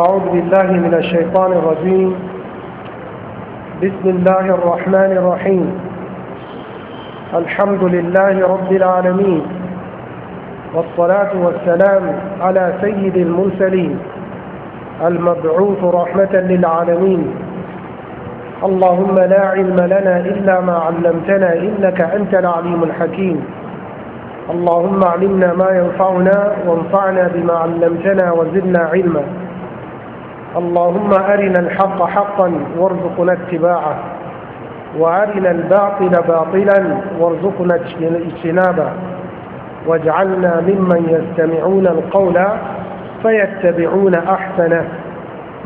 أعوذ بالله من الشيطان الرجيم بسم الله الرحمن الرحيم الحمد لله رب العالمين والصلاة والسلام على سيد المرسلين المبعوث رحمة للعالمين اللهم لا علم لنا إلا ما علمتنا إنك أنت العليم الحكيم اللهم علمنا ما ينفعنا وانفعنا بما علمتنا وزدنا علما اللهم أرنا الحق حقا وارزقنا اتباعه وأرنا الباطل باطلا وارزقنا اجتنابه واجعلنا ممن يستمعون القول فيتبعون أحسنه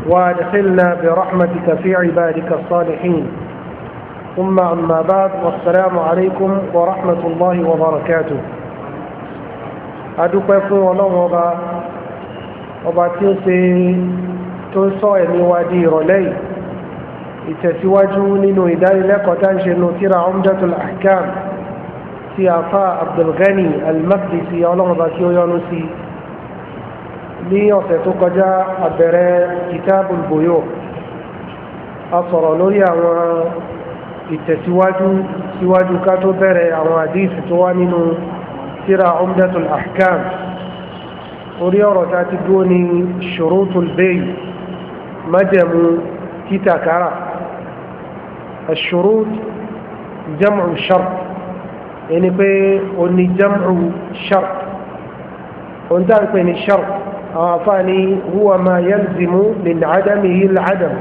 وادخلنا برحمتك في عبادك الصالحين ثم أما بعد والسلام عليكم ورحمة الله وبركاته أدوك يفو الله وبا وبا tó ń sọ ẹ̀mí wa di ìrọ̀lẹ́ yìí ìtẹ̀síwájú nínú ìdánilẹ́kọ̀ọ́ tá ń ṣe nu tíra Umdatul Ahkam ti afa Abdulghani al-Maqdisi ọlọ́mọba tí ó yọ́nú sí ní ọ̀sẹ̀ tó kọjá abẹ̀rẹ̀ Kitabul Buyuu a sọ̀rọ̀ lórí àwọn ìtẹ̀síwájú síwájú ká tó bẹ̀rẹ̀ àwọn àdíìsì tó wá nínú tíra Umdatul Ahkam orí ọ̀rọ̀ tá ti dúró ní ṣurutul bay' مدم كتا كرا الشروط جمع شرط يعني بي اني جمع شرط وانت بين الشرط فاني هو ما يلزم من عدمه العدم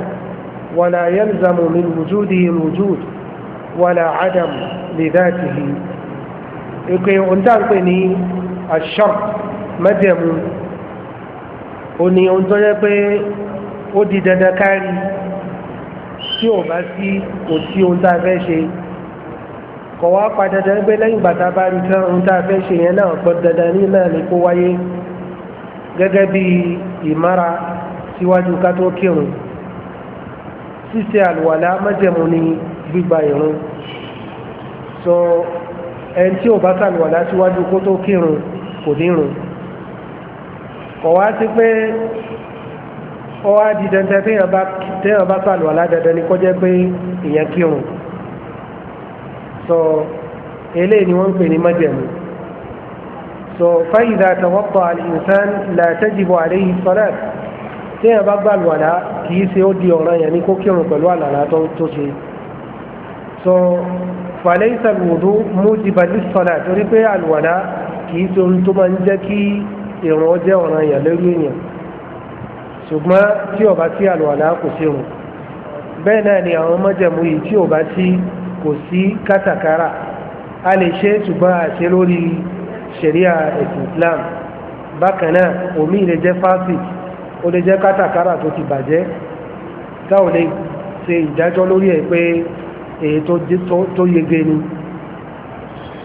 ولا يلزم من وجوده الوجود ولا عدم لذاته يقول انت بين الشرط مدم اني انت بين ó di dandan kárí tí ò bá sí kò sí ohun tá a fẹ́ ṣe kọ̀ wá pa dandan pé lẹ́yìn ìgbà tá a bá rí tán ohun tá a fẹ́ ṣe yẹn náà pọ̀ dandan ní náà ni kó wáyé gẹ́gẹ́ bí ìmára síwájú ká tó kírun ṣíṣe àlùwàlá májẹ̀mú ni gbígba ìrun so ẹni tí ò bá sàlùwàlá síwájú kó tó kírun kò ní rùn kọ̀ wá sí pé ọwọ́ adi dandan téèyàn bá sàlù aládàáda ni kọjá pé èèyàn kírun so eléyìí ni wọ́n ń pè ní májẹ̀mú so fáyidà tàwọ́pọ̀ àlìyàn la tajibu alayhi salat téèyàn bá gbàlù àlá kì í so fàlẹ́yìísà lòdó mújibà ní sọ́là torí pé àlùwàlá kì í ṣe ohun tó máa ń jẹ́ kí ìrun jẹ́ ọ̀ràn yẹn èèyàn ṣùgbọ́n tí ó bá sí àlùwàlá kò sí òun bẹ́ẹ̀ náà ni àwọn májẹ̀mú yìí tí ó bá sí kò sí kátàkárà a lè ṣe ṣùgbọ́n àṣẹ lórí ṣẹ̀ríà ẹ̀sìn Islam bákan náà omi lè jẹ́ fásitì ó lè jẹ́ kátàkárà tó ti bàjẹ́ táwọn lè ṣe ìdájọ́ lórí ẹ̀ pé èyí tó yege ni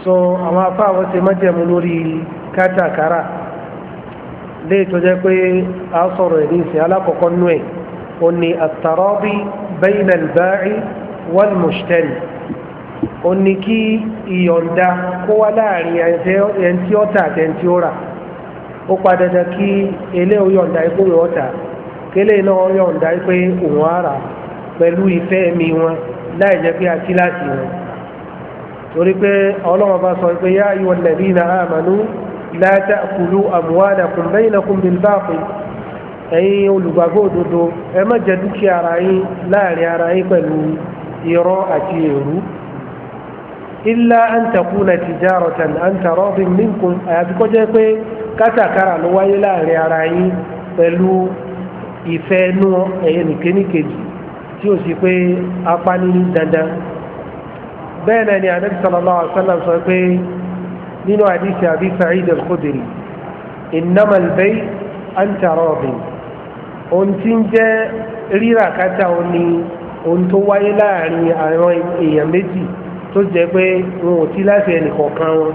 so àwọn afá àwọn ṣe májẹ̀mú lórí kátàkárà lè tó jẹ́ pé a sọ̀rọ̀ ìdí ìsìn alákọ̀ọ́kọ́ nú ẹ̀ ó ní àtàrọ́bí bayna al-ba'i wal mushtari ó ní kí ìyọ̀ǹda kó wá láàrin ẹni tí ó tà àti ẹni tí ó rà ó kí eléyìí yọ̀ǹda ikú yọ̀ ọ́ta kélé náà yọ̀ǹda pé òun á pẹ̀lú ìfẹ́ mi wọn láì jẹ́ pé a kí láti wọn torí pé ọlọ́run sọ pé yá ayyuhal ladhina amanu. لا تأكلوا أموالكم بينكم بالباطل ẹ̀yin olùgbàgbọ́ òdodo ẹ má jẹ dúkìá ara yín láàrin ara yín pẹ̀lú irọ́ àti èrú illa an takuna tijaratan an taradin minkum àyàfi kó jẹ́ pé kátàkárà ló wáyé láàrin ara yín pẹ̀lú ìfẹ́ inú ẹ̀yẹ nìkéníkejì tí ó sì pé apá ní dandan bẹ́ẹ̀ náà ni Ànábì sallallahu alaihi wasallam sọ pé nínú àdìsí àbí Sa'id al-Khudri innamal bay' anta radin ohun tí ń jẹ́ rírà kátà ó ní ohun tó wáyé láàrin àwọn èèyàn méjì tó jẹ́ pé wọn ò tí láti ẹnìkọ̀ọ̀kan wọn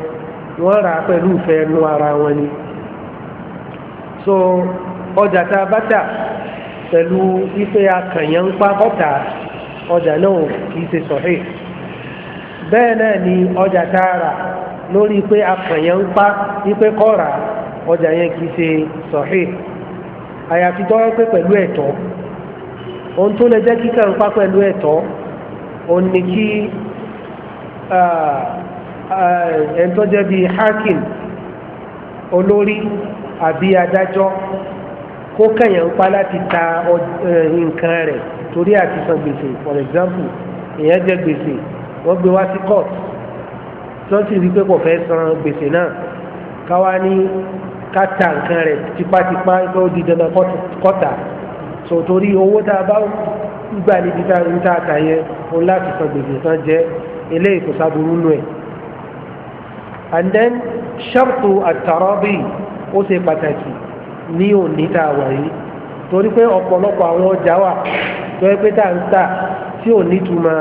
wọ́n rà á pẹ̀lú ìfẹ́ ẹnu ara wọn ni so ọjà tá a bá tà pẹ̀lú wípé akànyàn ń pa bọ́tà ọjà náà kì í ṣe sọ̀hìn bẹ́ẹ̀ náà ni ọjà tá a rà lórí pé akànyàn ń pa wípé kọ́ra ọjà yẹn kì í ṣe sọ̀hí àyàfi tọ́ pé pẹ̀lú ẹ̀tọ́ ohun tó lè jẹ́ kíkà ń pa pẹ̀lú ẹ̀tọ́ òun ni kí ẹ̀ńtọ́ jẹ́ bíi hakim olórí àbí adájọ́ kó kànyàn ń pa láti ta nǹkan rẹ̀ torí àti san gbèsè for example èèyàn jẹ gbèsè wọ́n gbé wá sí court tó sì rí pé kò fẹ́ san gbèsè náà káwa ní káta nǹkan rẹ̀ tipátipá tó di dandan kọ́ta so torí owó tá a bá gbà níbi tá a ta yẹn o láti san gbèsè tán jẹ́ eléyìí kò sábúrú nù ẹ̀ and then ṣọ́ọ̀tù àtàrọ́bì ó ṣe pàtàkì ní òní tá a wà yìí torí pé ọ̀pọ̀lọpọ̀ àwọn ọjà wà tó yẹ pé tá a ń tà tí ò ní túmọ̀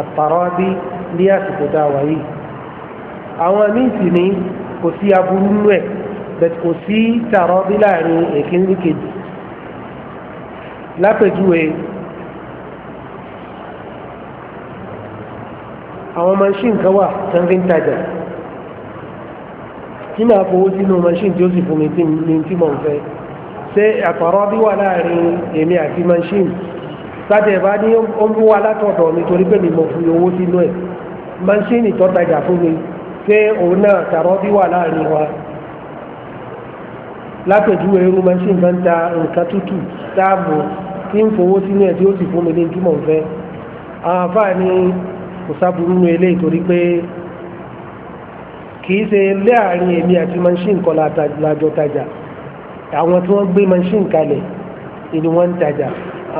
àtàrọ́bì ní àsìkò tá a wà yìí àwọn míì sì ní kò sí aburú nínú ẹ̀ bẹ̀tẹ̀ kò sí tààrọ́ bí láàrin èkínní kejì lápèjúwe àwọn machine kan wà tán fi ń tajà tí máa fowó sínú machine tí ó sì fún mi tí mo ń fẹ́ ṣé àtọ̀rọ̀ bí wà láàrin èmi àti machine sáté ẹ̀bá ní ó ń wá látọ̀dọ̀ mi torí pé mi mo fi owó sínú ẹ̀ machine tó tajà fún mi pé òun náà tààrọ́ bí wà láàrin wa lápèjúwe irú machine kan ta nǹkan tútù táàbù tí ń fowó sínú ẹ̀ tí ó sì fún mi ní ìtumọ̀ ń fẹ́ àwọn afáà ní kò sábúrú nu eléyìí torí pé kìí ṣe láàrin èmi àti machine kan lájọ tajà àwọn tí wọ́n gbé machine kalẹ̀ ni wọ́n ń tajà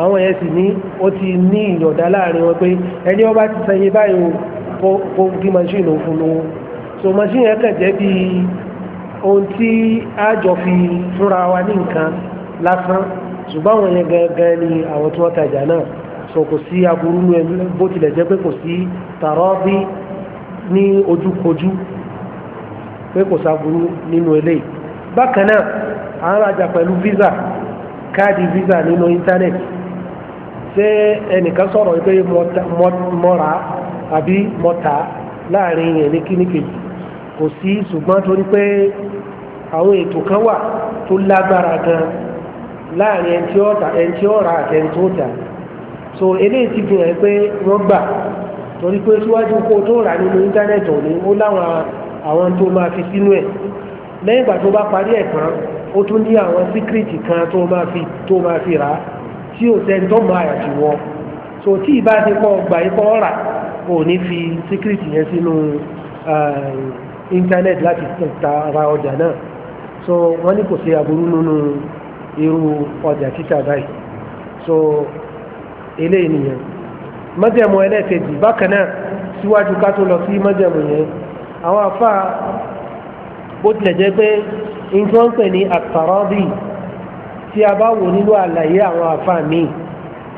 àwọn yẹn sì ní ó ti ní ìyọ̀dá láàrin wọn pé ẹni ọba ti sanye báyìí o kó kí machine òun fún lówó so machine yẹn kàn jẹ́ bí ohun tí a jọ fi fúnra wa ní nǹkan lásán ṣùgbọ́n àwọn yẹn gangan ni àwọn tí wọ́n tajà náà so kò sí aburú nu ẹni bó tilẹ̀ jẹ́ pé kò sí tààrọ́ bí ní ojúkojú pé kò sáburú nínú eléyìí bákan náà à ń rajà pẹ̀lú visa káàdì visa nínú íńtánẹ́ẹ̀tì ṣé ẹnìkan sọ̀rọ̀ pé mọ̀ra àbí mọ̀ta láàrin yẹn ní kíníkejì kò sí ṣùgbọ́n torí pé àwọn ètò kan wà tó lágbára gan láàrin ẹni tí ó tà ẹni tí ó rà àti ẹni tó tà so eléyìí ti fi hàn pé wọ́n gbà torí pé síwájú kó tó rà nínú íńtánẹ́ẹ̀tì òní ó láwọn àwọn tó máa fi sínú ẹ̀ lẹ́yìn ìgbà tó bá parí ẹ̀ tán ó tún ní àwọn síkírìtì kan tó máa fi tó máa fi rà tí ò sẹ́ni tó máa yà jù wọ́n so tí ìbá ti kọ́ gbà yí kọ́ rà ò ní fi síkírìtì yẹn sínú ẹ̀ẹ́ íńtánẹ́ẹ̀tì láti ra ọjà náà so wọ́n ní kò sí aburú nínú irú ọjà títà báyìí so eléyìí nìyẹn májẹ̀mú ẹlẹ́ẹ̀kejì bákan náà síwájú ká tó lọ sí májẹ̀mú yẹn àwọn afá bó tilẹ̀ jẹ́ pé nǹkan ń pè ní àtàrọ́bì tí a bá wò nílò àlàyé àwọn afá mi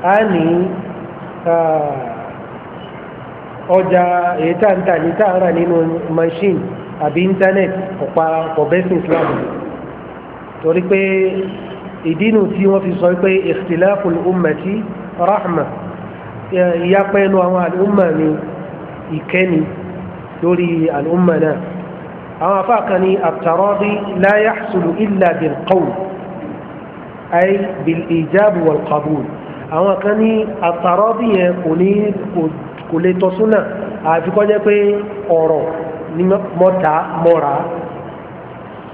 a ní ọjà èyí tá ń tà ní tààrà nínú machine àbí íńtánẹ́ẹ̀tì ọ̀pá ọ̀bẹ́sìn islam torí pé ìdínú tí wọ́n fi sọ pé ikhtilafu ummati rahma ìyapẹ́ ẹnu àwọn àlùmọ̀ ni ìkẹ́ni lórí àlùmọ̀ náà àwọn afáàkan ni àtàrọ́dí la yahsulu illa bil qawl ay bil ijab wal qabul àwọn kan ní àtàrọ́dí yẹn kò ní kò lè tọ́súnà àfikọ́ jẹ́ pé ọ̀rọ̀ ní mọ́ta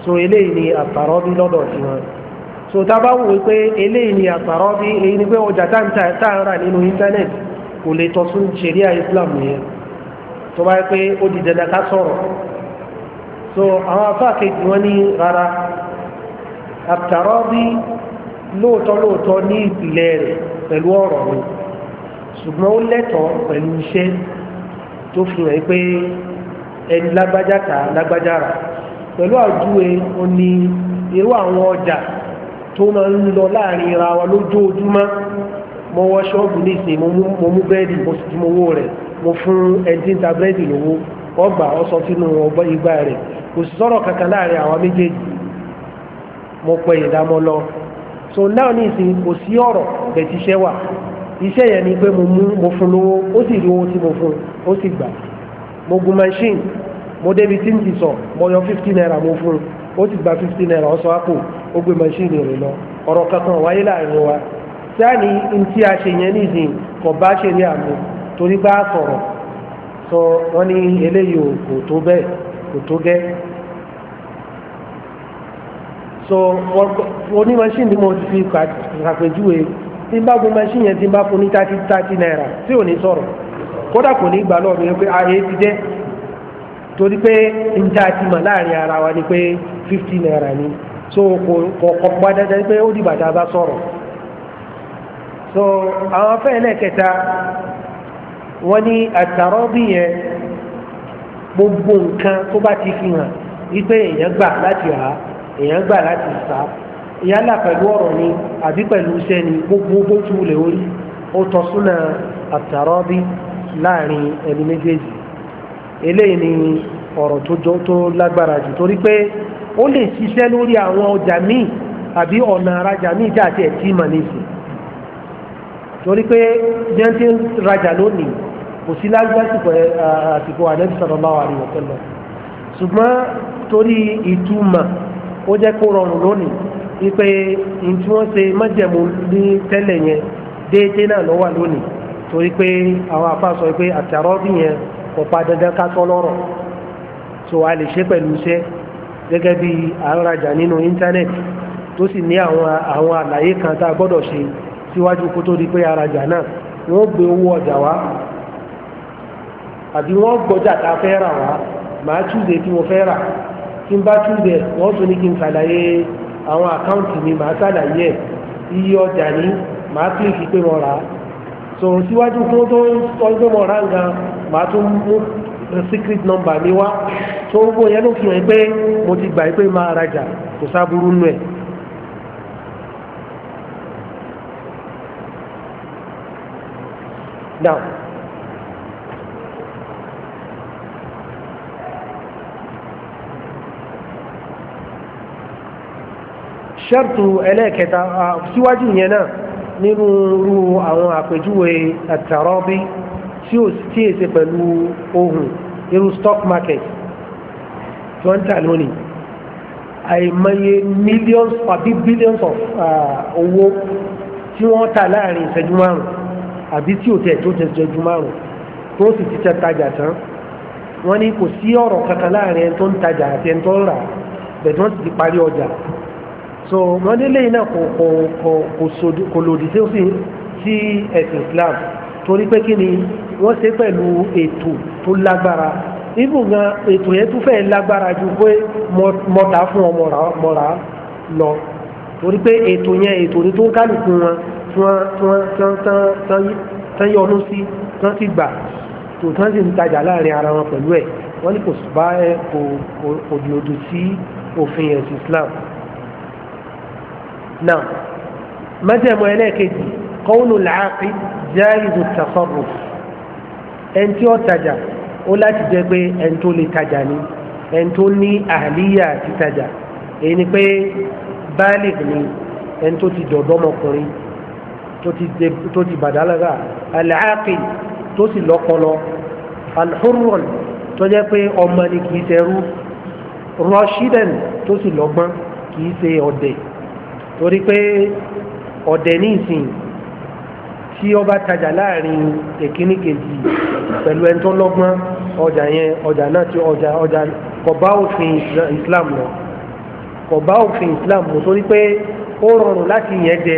so eléyìí ni àtàrọ́bí lọ́dọ̀ sí wọn so tá a bá wò pé eléyìí ni àtàrọ́bí èyí ni pé ọjà tá à ń rà nínú íńtánẹ́ẹ̀tì kò lè tọ́ sún ṣẹ̀ríà Islam yẹn tó bá yẹ pé ó di dandan ká sọ̀rọ̀ so àwọn afáàkejì wọn ní rárá àtàrọ́bí lóòótọ́ lóòótọ́ ní ìpìlẹ̀ rẹ̀ pẹ̀lú ọ̀rọ̀ mi ṣùgbọ́n ó lẹ́tọ̀ọ́ pẹ̀lú iṣẹ́ tó fi hàn pé ẹni lágbájá ta lágbájá rà pẹ̀lú àjúwe ó ní irú àwọn ọjà tó máa ń lọ láàrin ra wa mo wọ ṣọ́ọ̀bù nísìnyí mo mú búrẹ́dì mo sì ti mọ mo fún ẹni ta búrẹ́dì lówó ọgbà ọsọ sínú igba rẹ, kò sì kankan láàrin àwọn méjèèjì mo pẹ̀ ìdámọ́ lọ so náà ní ìsìn kò sí ọ̀rọ̀ bẹ̀tíṣẹ́ wà iṣẹ́ yẹn ni pé mo mú mo fún lówó ó sì rí owó tí mo fún ó sì mo gun machine mo débi tí n ti sọ mo yọ fifty naira mo fún un ó ti gba fifty naira ọsọ àpò ó gbé machine rẹ̀ lọ ọ̀rọ̀ kankan wáyé láàrin wa sáàni ntí a ṣe yẹn nìyí kò bá ṣe ní àmì torí bá sọ̀rọ̀ sọ wọ́n ní eléyìí kò tó bẹ́ẹ̀ kò tó gẹ́ so oní machine ni mo ti fi kàpèjúwe tí n bá gun machine yẹn tí n bá fún ní thirty thirty naira tí ò ní sọ̀rọ̀. kódà kò ní gbà lọ́ọ̀dún yẹn pé ayé ti jẹ́ torí pé njẹ́ àti mọ̀ láàrin ara wa ni pé fifty naira ni so kò kò pa dandan pé ó a bá sọ̀rọ̀ so àwọn afẹ́ ẹlẹ́kẹta wọ́n ní àtàrọ́ bí yẹn gbogbo nǹkan tó bá ti fi hàn wípé èèyàn gbà láti rà èèyàn gbà ni àbí pẹ̀lú iṣẹ́ ni gbogbo orí ó àtàrọ́ bí láàrin ẹni méjèèjì eléyìí ni ọ̀rọ̀ tó lágbára jù torí pé ó lè ṣiṣẹ́ lórí àwọn ọjà míì àbí ọ̀nà arajà míì tí àti ẹ̀tí mà nísìn torí pé jẹ́ńtì rajà lónìí kò sí lásìkò àsìkò ànábì sallallahu alaihi wasallam ṣùgbọ́n torí ìtumọ̀ ó jẹ́ kó rọrùn lónìí wípé ní tí wọ́n ṣe májẹ̀mú ní tẹ́lẹ̀ yẹn déédéé náà ló lónìí torí pé àwọn afa sọ pé àtàrọ́bì yẹn kò pa dandan ká sọ lọ́rọ̀ so a lè ṣe pẹ̀lú iṣẹ́ gẹ́gẹ́ bí à nínú íńtánẹ́ẹ̀tì tó sì ní àwọn àlàyé kan tá a tó di pé arajà náà gbé owó ọjà wá àbí tá a fẹ́ rà wá màá túnde tí mo fẹ́ rà tí n bá túnde wọ́n tún iye ọjà ni màá kílìkì pé so síwájú tó tó ọjọ́ mọ̀ ráńgà màá tún mú secret number mi wá tó gbogbo yẹn ló fi hàn pé mo ti gbà pé máa rajà kò sábúrú nù ẹ̀. now ṣẹ́rùtù ẹlẹ́ẹ̀kẹta ah, síwájú yẹn náà nínú irú àwọn àpèjúwe àtàrọ́bí tí ó sì èsè pẹ̀lú ohun irú stock market tí wọ́n ń tà lónìí àìmọye millions àbí billions of uh, owó tí wọ́n tà láàrin ìṣẹ́jú márùn-ún àbí tí ò tẹ̀ tó jẹ́ ìṣẹ́jú márùn-ún tó sì ti tẹ́ tajà tán wọ́n ní kò sí ọ̀rọ̀ kankan láàrin ẹni tó ń tajà àti ẹni tó ń rà bẹ̀tí wọ́n sì ti parí ọjà so wọ́n nílé iná kò kò kò kò sòdì kò lòdì tí ó sì sí ẹ̀sìn Islam torí pé kí ni wọ́n ṣe pẹ̀lú ètò tó lágbára ibù gan ètò yẹn tún fẹ́ẹ́ lágbára ju pé mọ̀tà fún ọ mọ̀ra lọ torí pé ètò yẹn ètò ní tó ń kálukú wọn tí wọ́n tí wọ́n tán yọnu sí tán sì gbà tó tán sì ń tajà láàrin ara wọn pẹ̀lú ẹ̀ wọ́n ní kò bá ẹ kò kò lòdì sí òfin ẹ̀sìn Islam náà májẹ̀mọ́ ẹlẹ́ẹ̀kejì kọ́wùnù làákì jáìzù tasọ́rù ẹni tí ó tajà ó láti jẹ́ pé ẹni tó lè tajà ni ẹni tó ní àhàlíyà ti tajà èyí ni pé báàlìk ni ẹni tó ti dọ̀dọ́mọkùnrin tó ti bàdálára àlàákì tó sì lọ́pọlọ alhurron tó jẹ́ pé ọmọ ni kì í ṣe rú rọ́ṣídẹ̀n tó sì lọ́gbọ́n kì í ṣe ọ̀dẹ̀ torí pé ọ̀dẹ̀ ní ìsìn tí ó bá tajà láàrin èkíní kejì pẹ̀lú ẹni tó lọ́gbọ́n ọjà yẹn ọjà náà ti ọjà ọjà kò òfin Islam lọ kò bá òfin Islam lọ torí pé ó rọrùn láti yẹn jẹ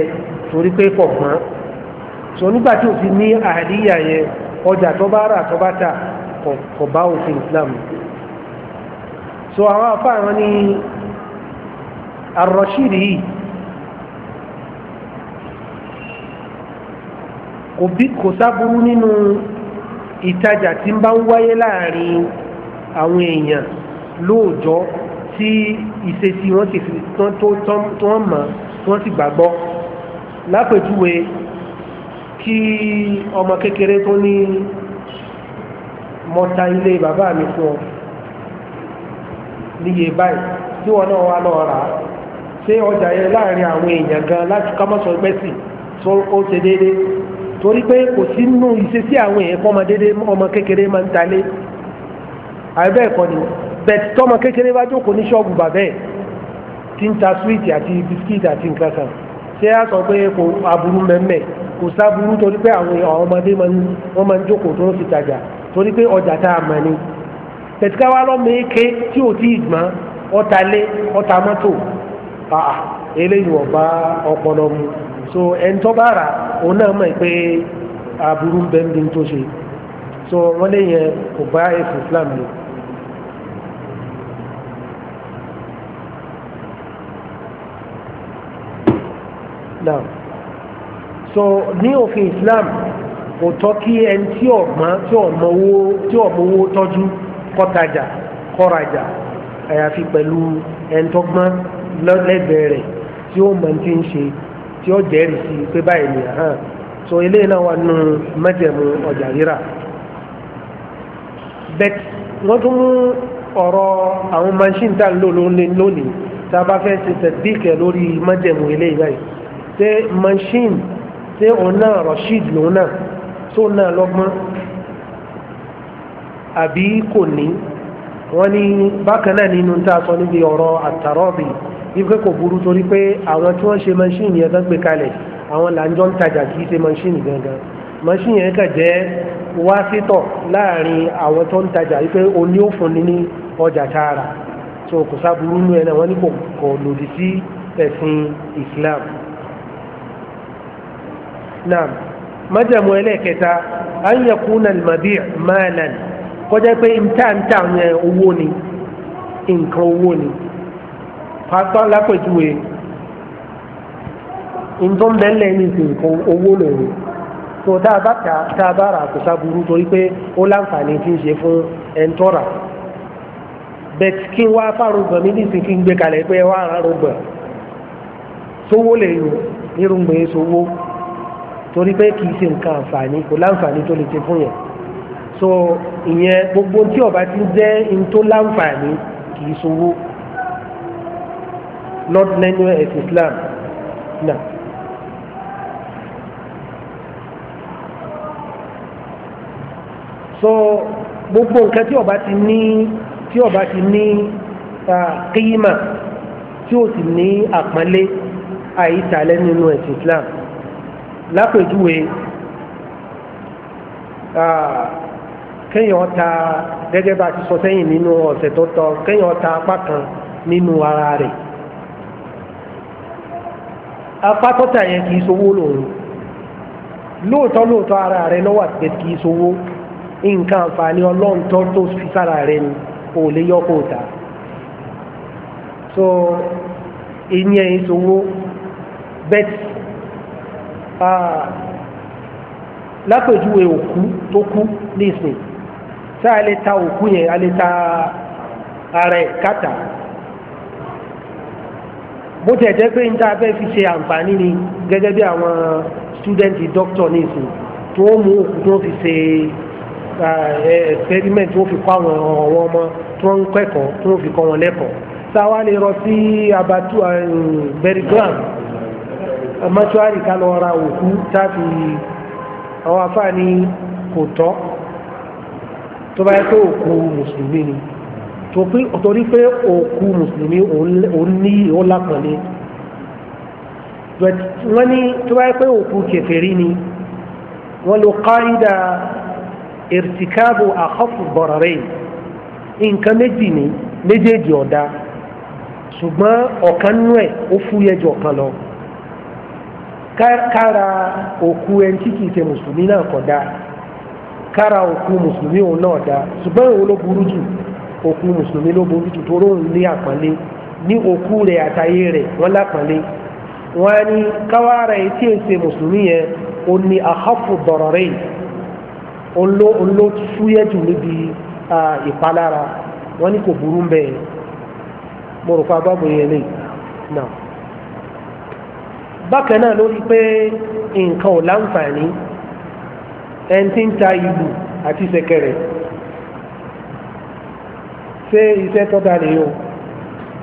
torí pé pọ̀ so nígbà tí òfin ní àhàdíyà yẹn ọjà tó rà tó tà kò òfin Islam so àwọn afáàrán ní arọ́ṣìrì yìí. kò sáburú nínú ìtajà tí ń bá ń wáyé láàrin àwọn èèyàn lóòjọ́ tí ìṣesí wọn ti tán tó tán tó wọn mọ̀ tí wọ́n sì gbàgbọ́ lápèjúwe kí ọmọ kékeré tó ní mọ́ta ilé bàbá mi fún ọ níye báyìí tí wọn náà wà lọ rà á ṣé ọjà yẹn láàrin àwọn èèyàn gan láti kámọ́sọ̀ gbẹ́sì tó ó ṣe déédéé torí pé kò sí nínú ìṣesí àwọn èèyàn kọ́ ọmọ déédéé ọmọ kékeré máa ń talé àbẹ́ ẹ̀kọ́ ni bẹ̀tì tọ́mọ kékeré bá jókòó ní ṣọ́ọ̀bù bàbẹ́ ẹ̀ tí ń ta súwìtì àti bisikíìtì àti nǹkan kan ṣé a sọ pé kò aburú mẹ́mẹ́ kò sáburú torí pé àwọn ọmọdé wọn máa ń jókòó tó ń fi tajà torí pé ọjà tá a mọ̀ ni bẹ̀tì káwá lọ́mọ eke tí ò tí ì gbọ́n ọ̀talé ọ̀ta mọ́tò eléyìí ọ̀bá ọpọlọ mu so ẹ̀ńtọ́ bá rà á òun náà mọ̀ pé aburú ń bẹ ń bí tó ṣe so wọ́n lè yẹn kò bá ẹ̀sìn Islam lò. now so ní òfin Islam kò tọ́ kí ẹni tí ọ̀gbọ́n tí ọ̀mọ̀wó tọ́jú kọ́tajà kọ́rajà àyàfi pẹ̀lú ẹni tọ́gbọ́n lẹ́gbẹ̀ẹ́ rẹ̀ tí ó mọ̀ ní ti ń ṣe tí ó jẹ́rìí sí pé báyìí ni hàn so eléyìí náà wà nù májẹ̀mú ọjà rírà bẹ́t wọ́n tún mú ọ̀rọ̀ àwọn machine tá à ń lò lónìí tá a bá fẹ́ ṣe tẹ̀síkẹ̀ lórí májẹ̀mú eléyìí báyìí ṣé machine ṣé òun náà Rasheed lòun náà tó náà lọ́gbọ́n àbí kò ní wọ́n ní bákan náà nínú tá a sọ níbi ọ̀rọ̀ àtàrọ́bì wípé kò burú torí pé àwọn tí wọ́n ṣe mọ́ṣíìnì yẹn gbé kalẹ̀ àwọn là ń jọ ń tajà kì í ṣe mọ́ṣíìnì gangan mọ́ṣíìnì yẹn kàn jẹ́ wásítọ̀ láàrin àwọn tó ń tajà wípé o ní ó ni ní ọjà tààrà so kò sá burú nú ẹ náà ní kò lòdì sí ẹ̀sìn Islam naam májàmú ẹlẹ́ẹ̀kẹta anyakuna almabi maalan kọjá pé ntàntà yẹn owó ni nǹkan owó ni pásítọ̀ lápèjúwe nǹkan bẹ́ẹ̀lẹ̀ ní nǹkan owó lòun tó tá a bá ta tá a bá rà kò sábúrú torí pé ó láǹfààní tí ń ṣe fún ẹ̀ńtọ́rà bẹ́ẹ̀ kí n wá fáwọn gbọ̀n mi nísìnyí kí n gbé kalẹ̀ pé wá àrùn gbọ̀n sówó lè yùn irúgbìn sówó torí pé kì í ṣe nǹkan àǹfààní kò láǹfààní tó lè ṣe fún yẹn so ìyẹn gbogbo tí ọba ti jẹ́ n láǹfààní kì í sówó lọ́dún lẹ́nu ẹ̀sìn Islam náà. so gbogbo nǹkan tí ó ni ti ní tí ó bá ti ní kíyìmà tí ó sì ní àpọ́nlé àìsàlẹ̀ Islam lápèjúwe kéèyàn ta gẹ́gẹ́ bá a ti sọ sẹ́yìn nínú ọ̀sẹ̀ tó tọ́ kéèyàn ta apá kan nínú ara rẹ̀ apá tọ́tà yẹn kì í sowó lòun lóòótọ́ lóòótọ́ ara rẹ lọ́wọ́ àtìgbẹ́ kì í sowó nǹkan àǹfààní ọlọ́run tó tó fi sára rẹ ni ò lè yọ kó ta so ìní ẹ̀yìn sowó bẹ́ẹ̀ lápèjúwe òkú tó kú nísìnyí tá a lè ta òkú yẹn a lè ta ara ẹ̀ kátà bó tẹ̀ jẹ́ pé níta fẹ́ fi ṣe àǹfààní ni gẹ́gẹ́ bí àwọn stúdẹ́ǹtì dókítọ̀ ní ìsìn tó mú òkú tó fi ṣe experiment tó fi kọ́ àwọn ọ̀wọ́ ọmọ tó ń kẹ́kọ̀ọ́ tó fi kọ́ wọn lẹ́kọ̀ọ́ sáwa lè rọ sí abatu berry ground mọ́ṣúárì ká lọ ra òkú táfi àwọn afáàní kò tọ́ tó bá yẹ pé òkú mùsùlùmí ni torí pé òkú mùsùlùmí òun ní ó lápọ̀lé wọ́n ní tó bá yẹ pé òkú kèfèrí ni wọ́n lo káídà irtikabu akhafu dararain nǹkan méjì ni méjèèjì ọ̀dà ṣùgbọ́n ọ̀kan nú ẹ̀ ó fúyẹ́ ju ọ̀kan lọ kára òkú ẹni tí kìí ṣe mùsùlùmí náà kọ̀ dáa kára òkú mùsùlùmí òun náà dáa ṣùgbọ́n òun ló burú jù òkú mùsùlùmí ló borí jù toró ń lé àpọ́nlé ní òkú rẹ̀ àtàyè rẹ̀ wọ́n lápọ́nlé wọ́n á ní káwá rẹ̀ tí è ṣe mùsùlùmí yẹn ó ní àhọ́fù dọ̀rọ̀ rẹ̀ ló fúyẹ́ jù níbi ìpalára wọ́n ní kò burú bẹ́ẹ̀ mo rò pa bábò yẹn lè nà bákan náà lórí pé nǹkan ò láǹfààní ẹni tí ń ta ìlú àti ṣẹ̀kẹ̀rẹ̀ ṣé iṣẹ́ tọ́ta lè yọ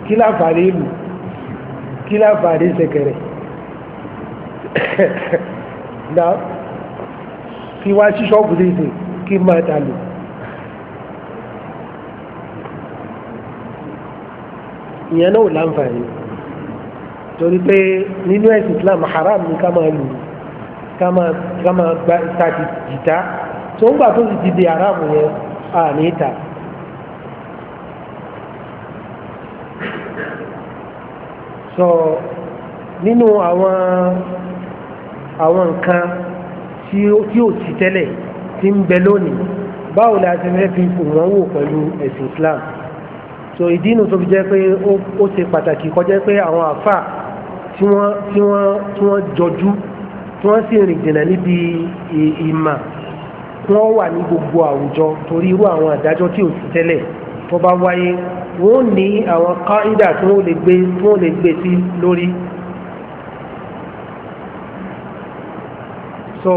kí láǹfààní ìlú kí láǹfààní ṣẹ̀kẹ̀rẹ̀ náà kí wá sí ṣọ́ọ̀bù nìyí kí máa dà lò. ìyẹn náà láǹfààní torí pé nínú ẹ̀sìn Islam haram ni ká máa lù ká máa gba ìta jìta tó ń gbà tó ti di haram yẹn à ní ìta. sọ nínú àwọn àwọn nǹkan tí ó ti tẹ́lẹ̀ ti ń bẹ lónìí báwo la ti fẹ́ fi wọ́n wò pẹ̀lú ẹ̀sìn Islam so ìdí inú tó fi jẹ́ pé ó ṣe pàtàkì kọjá pé àwọn àfà tí wọ́n tí wọ́n tí wọ́n jọjú tí wọ́n sì rìn jìnnà níbi ìmà wọ́n wà ní gbogbo àwùjọ torí irú àwọn àdájọ́ tí ò sí tẹ́lẹ̀ tó bá wáyé wọ́n ní àwọn káídà tí wọ́n lè gbé tí wọ́n lè gbé sí lórí. so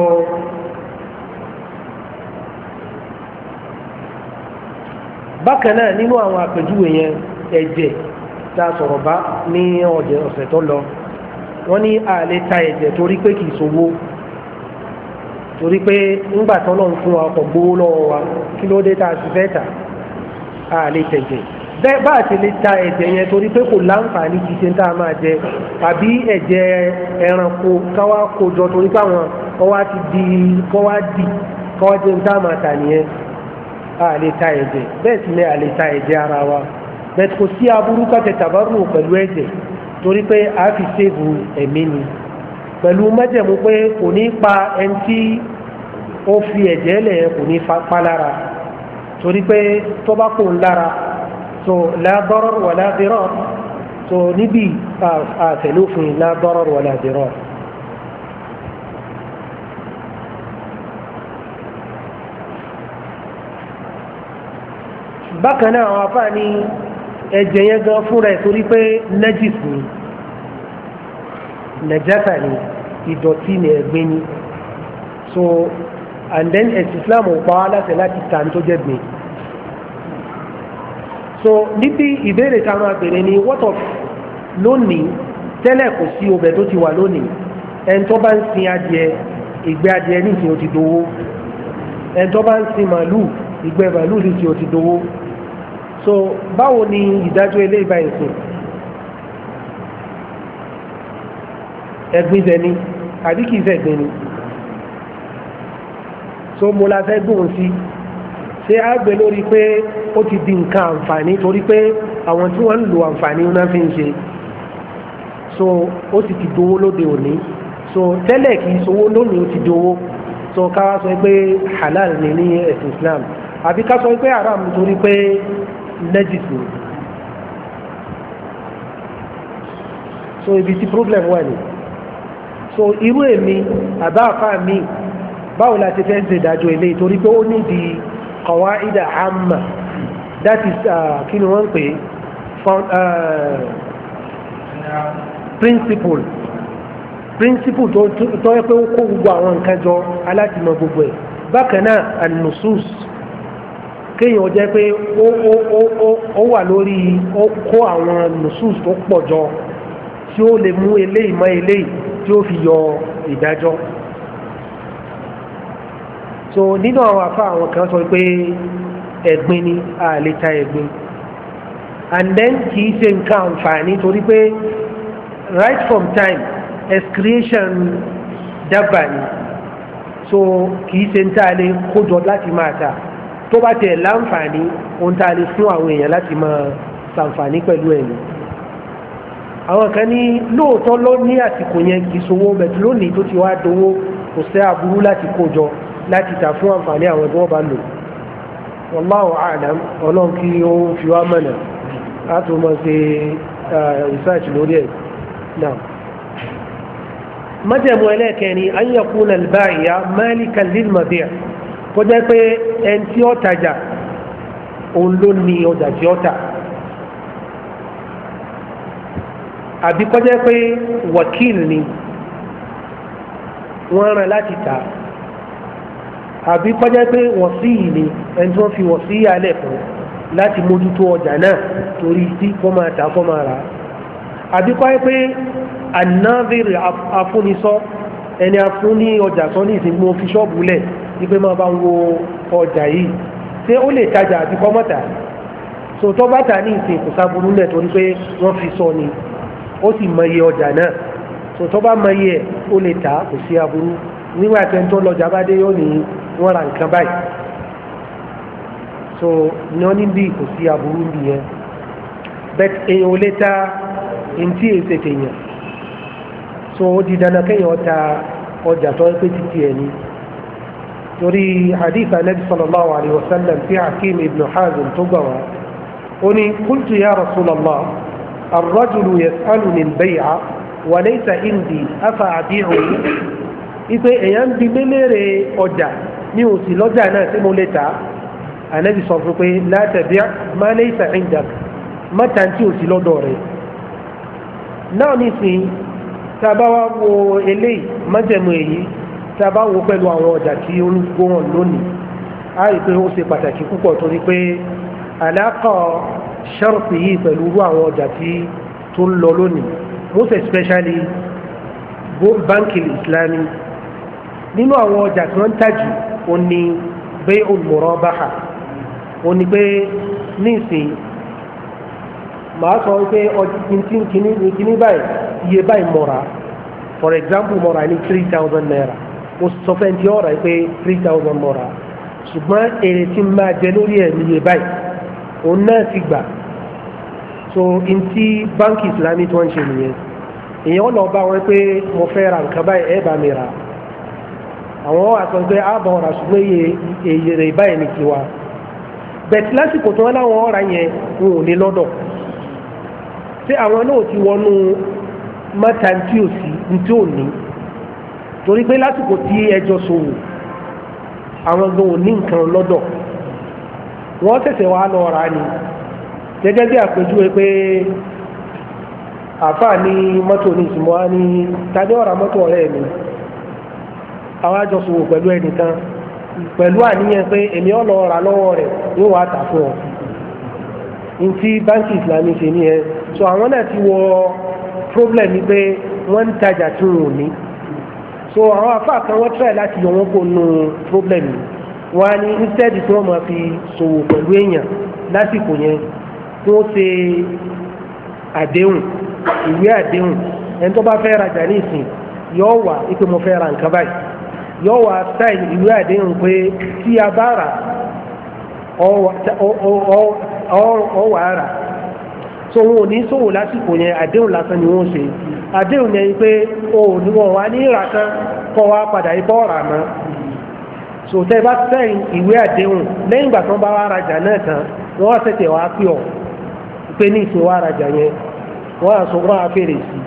bákan náà nínú àwọn àpèjúwe yẹn ẹ̀jẹ̀ tá a sọ̀rọ̀ bá ní ọ̀jẹ̀ ọ̀sẹ̀ tó lọ wọ́n ní àlè ta ẹ̀jẹ̀ torí pé kì í ṣòwò torí pé ńgbà tọ́lọ́ ń fún wa ọkọ̀ gbówó lọ́wọ́ wa kí ló dé tá a sì fẹ́ tà á a lè tẹ̀jẹ̀ bẹ́ẹ̀ bá àti lè ta ẹ̀jẹ̀ yẹn torí pé kò láǹfààní kìí ṣe ń tá a máa jẹ àbí ẹ̀jẹ̀ ẹranko káwá kó jọ torí káwọn kọ́wá ti di kọ́wá dì kọ́wá ṣe ń tá a máa tà nìyẹn a lè ta ẹ̀jẹ̀ bẹ́ẹ̀ sì ni a ta ẹ̀jẹ̀ ara wa bẹ́ẹ̀ kò sí aburú káṣẹ tàbárù pẹ̀lú ẹ̀jẹ̀ torí pé a fi ṣèbù ẹ̀mí ni pẹ̀lú mẹ́jẹ̀mú pé kò ní pa ẹni tí ó fi ẹ̀jẹ̀ lẹ̀ kò ní pa lára torí pé tó bá kò lára so la darar wa la so níbi àtẹlófin la darar wa la dirar. bákan náà àwọn afá ní ẹ̀jẹ̀ yẹn gan fúnra ẹ̀ torí pé najis ni najasa ni ìdọ̀tí ni ẹ̀gbin ni so and then ẹ̀sìn islam ò pa wá láti láti ta tó jẹ́ gbìn. so níbi ìbéèrè tá a máa bèrè ni what of lónìí tẹ́lẹ̀ kò sí ọbẹ̀ tó ti wà lónìí ẹni tó bá ń sin adìẹ ìgbẹ́ adìẹ ní ìsìn ó ti ẹni tó bá ń sin màálù ìgbẹ́ màálù ní ìsìn ó ti so báwo ni ìdájọ́ ilé ìbá ìsìn ẹ̀gbin dẹni àbí kìí fẹ́ gbin ni tó mo la fẹ́ dùn sí ṣé á gbé lórí pé ó ti di nǹkan àǹfààní torí pé àwọn tí wọ́n ń lo àǹfààní náà fi ń ṣe so ó sì ti dowó lóde òní so tẹ́lẹ̀ kì í sowó lónìí ó ti dowó so ká wá sọ pé halal ni ní ẹ̀sìn Islam àbí ká sọ pé haram torí pé legit ni. so ibi tí problem wà ní so irú èmi àbá àfa mi báwo la ti fẹ́ ṣe ìdájọ́ ilé torí pé ó nídìí qawaida amma that is uh, kí ni wọ́n ń pè uh, principle principle tó tó yẹ pé ó kó gbogbo àwọn nǹkan jọ alátìmọ̀ gbogbo ẹ̀ bákan náà anusus kéèyàn jẹ́ pé ó ó wà lórí ó kó àwọn anusus tó pọ̀ jọ tí ó lè mú eléyìí mọ́ eléyìí tí ó fi yọ ìdájọ́. E so nínú àwọn afa àwọn kan sọ pé ẹ̀gbin ni a lè ta ẹ̀gbin and then kì í ṣe nǹkan àǹfààní torí pé right from time excretion dábàá ni so kì í ṣe ń tá a lè kójọ láti máa ta tó bá tẹ̀ láǹfààní ohun tá a lè fún àwọn èèyàn láti máa ṣàǹfààní pẹ̀lú ẹ̀mí àwọn kan ní lóòótọ́ ló ní àsìkò yẹn kì í ṣowó bẹ̀tú lónìí tó ti wá dowó kò sẹ́ aburú láti kójọ láti tà fún àǹfààní àwọn ẹgbẹ́ wọn bá lò wallahu a'lam ọlọ́run kí ó fi wá mọ̀nà á tó mọ̀ ṣe research lórí ẹ̀ náà. májẹ̀mú ẹlẹ́ẹ̀kẹrin an yakuna al-ba'i'a kó jẹ́ pé ẹni tí ó tajà òun ló ní ọjà tí ó tà àbí kó jẹ́ pé wákìlì ni wọ́n rán láti tà á àbí kọjá pé wọ̀sí yìí ni ẹni tí wọ́n fi wọ̀sí alẹ̀ fún láti mójútó ọjà náà torí tí kọ́ máa tà kọ́ máa rà á àbí kọ́ pé ànáfèrè afúnisọ́ ẹni afúní ọjà sọ ní ìsìnkú fi ṣọ́ọ̀bù lẹ̀ wípé máa bá ń wo ọjà yìí ṣé ó lè tajà àbí kọ́ mọ́ta so tó bá tà ní ìsìn kò sáburú lẹ̀ torí pé wọ́n fi sọ ni ó sì mọye ọjà náà so tó bá mọye ẹ̀ ó lè tà kò sí aburú nígbà tí lọ́jà bá dé yóò ní wọ́n ra nǹkan báyìí so ní wọ́n ní bí kò sí aburú nìyẹn bẹ́t èèyàn ò lè ta ntí èsè tèèyàn so ó di dandan kéèyàn ta ọjà tó ń pè títí ẹ̀ ni torí hadith anabi sallallahu alayhi wa sallam fi hakim ibn hazm tó gbà wá ó ní qultu ya rasulallah arrajulu yas'aluni al-bay'a wa laysa indi afa abi'u ipe èèyàn ń bi mélèrè ọjà mi ò sì lọ́jà náà tí mo lè tà á ànábì sọ fún pé látàbí máa lè sàn ìjà mọ́ta tí ò sí lọ́dọ̀ rẹ̀ náà nísìnyí tá a bá wá wo eléyìí májẹ̀mú èyí tá a bá wo pẹ̀lú àwọn ọjà tí ó ń gbóhàn lónìí a rí i pé ó ṣe pàtàkì púpọ̀ torí pé àlákọ̀ ṣọ́ọ̀pù yìí pẹ̀lú irú àwọn ọjà tí tó ń lọ lónìí most especially báńkì ìsìlámì nínú àwọn ọjà tí wọ́n ń tà ó ní bay'ul murabaha ó ní pé nísìn màá sọ pé ọdún kìíní báyìí iye báyìí mọ̀ra for example mọ̀ra ni three thousand naira mo sọ fẹ́ ti ọ̀rọ̀ pé three thousand mọ̀ra ṣùgbọ́n èrè tí máa jẹ lórí ẹ̀ níye báyìí òun náà ti gbà so ntí báńkì ìsìlámì tó ń ṣe nìyẹn èèyàn lọ bá wọn pé mo fẹ́ ra nǹkan báyìí ẹ bá mi rà á. àwọn àtọ̀ pé ààbọ̀ ah, ọ̀rà ṣùgbọ́n èyí rẹ̀ báyìí ní tiwa bẹ̀tì lásìkò tí wọ́n láwọn ọ̀rà yẹn ní lọ́dọ̀ tí àwọn náà ti wọnú mọ́ta tí ò sí tí ò ní torí pé lásìkò tí ẹjọ́ sòwò àwọn gan ò ní nǹkan lọ́dọ̀ wọ́n ni gẹ́gẹ́ bí àpèjúwe pé àwọn àjọṣòwò pẹ̀lú ẹnìkan pẹ̀lú àníyàn pé èmi ọ̀ lọ ra lọ́wọ́ rẹ̀ ń wà tà fún ọ ntí báńkì ìsìlámì ṣe ní ẹ so àwọn náà ti wọ problem ni pé wọ́n ń tajà tí wọn ò ní so àwọn afáà kan wọ́n try láti yọ wọ́n kó nu problem yìí wọ́n á ní instead tí wọ́n máa fi ṣòwò pẹ̀lú èèyàn lásìkò yẹn kí wọ́n ṣe àdéhùn ìwé àdéhùn ẹni tó bá fẹ́ rajà ní ìsìn yọ wà pé mo fẹ́ ra nǹkan báyìí yóò wá sáìn ìwé àdéhùn pé tí a bá rà ọ wà rà so wọn ò ní sòwò lásìkò yẹn àdéhùn lásán ni wọn ṣe àdéhùn yẹn pé o ò ní wọn wá ní ìrà kan kọ wá padà ibọ ọ̀rà mọ́ so tẹ bá sáìn ìwé àdéhùn lẹ́yìn ìgbà tó ń bá wá rajà náà tán wọ́n á tètè wá pí ọ pé ní ìsìn wá rajà yẹn wọn á sọ wọn á fèrè sí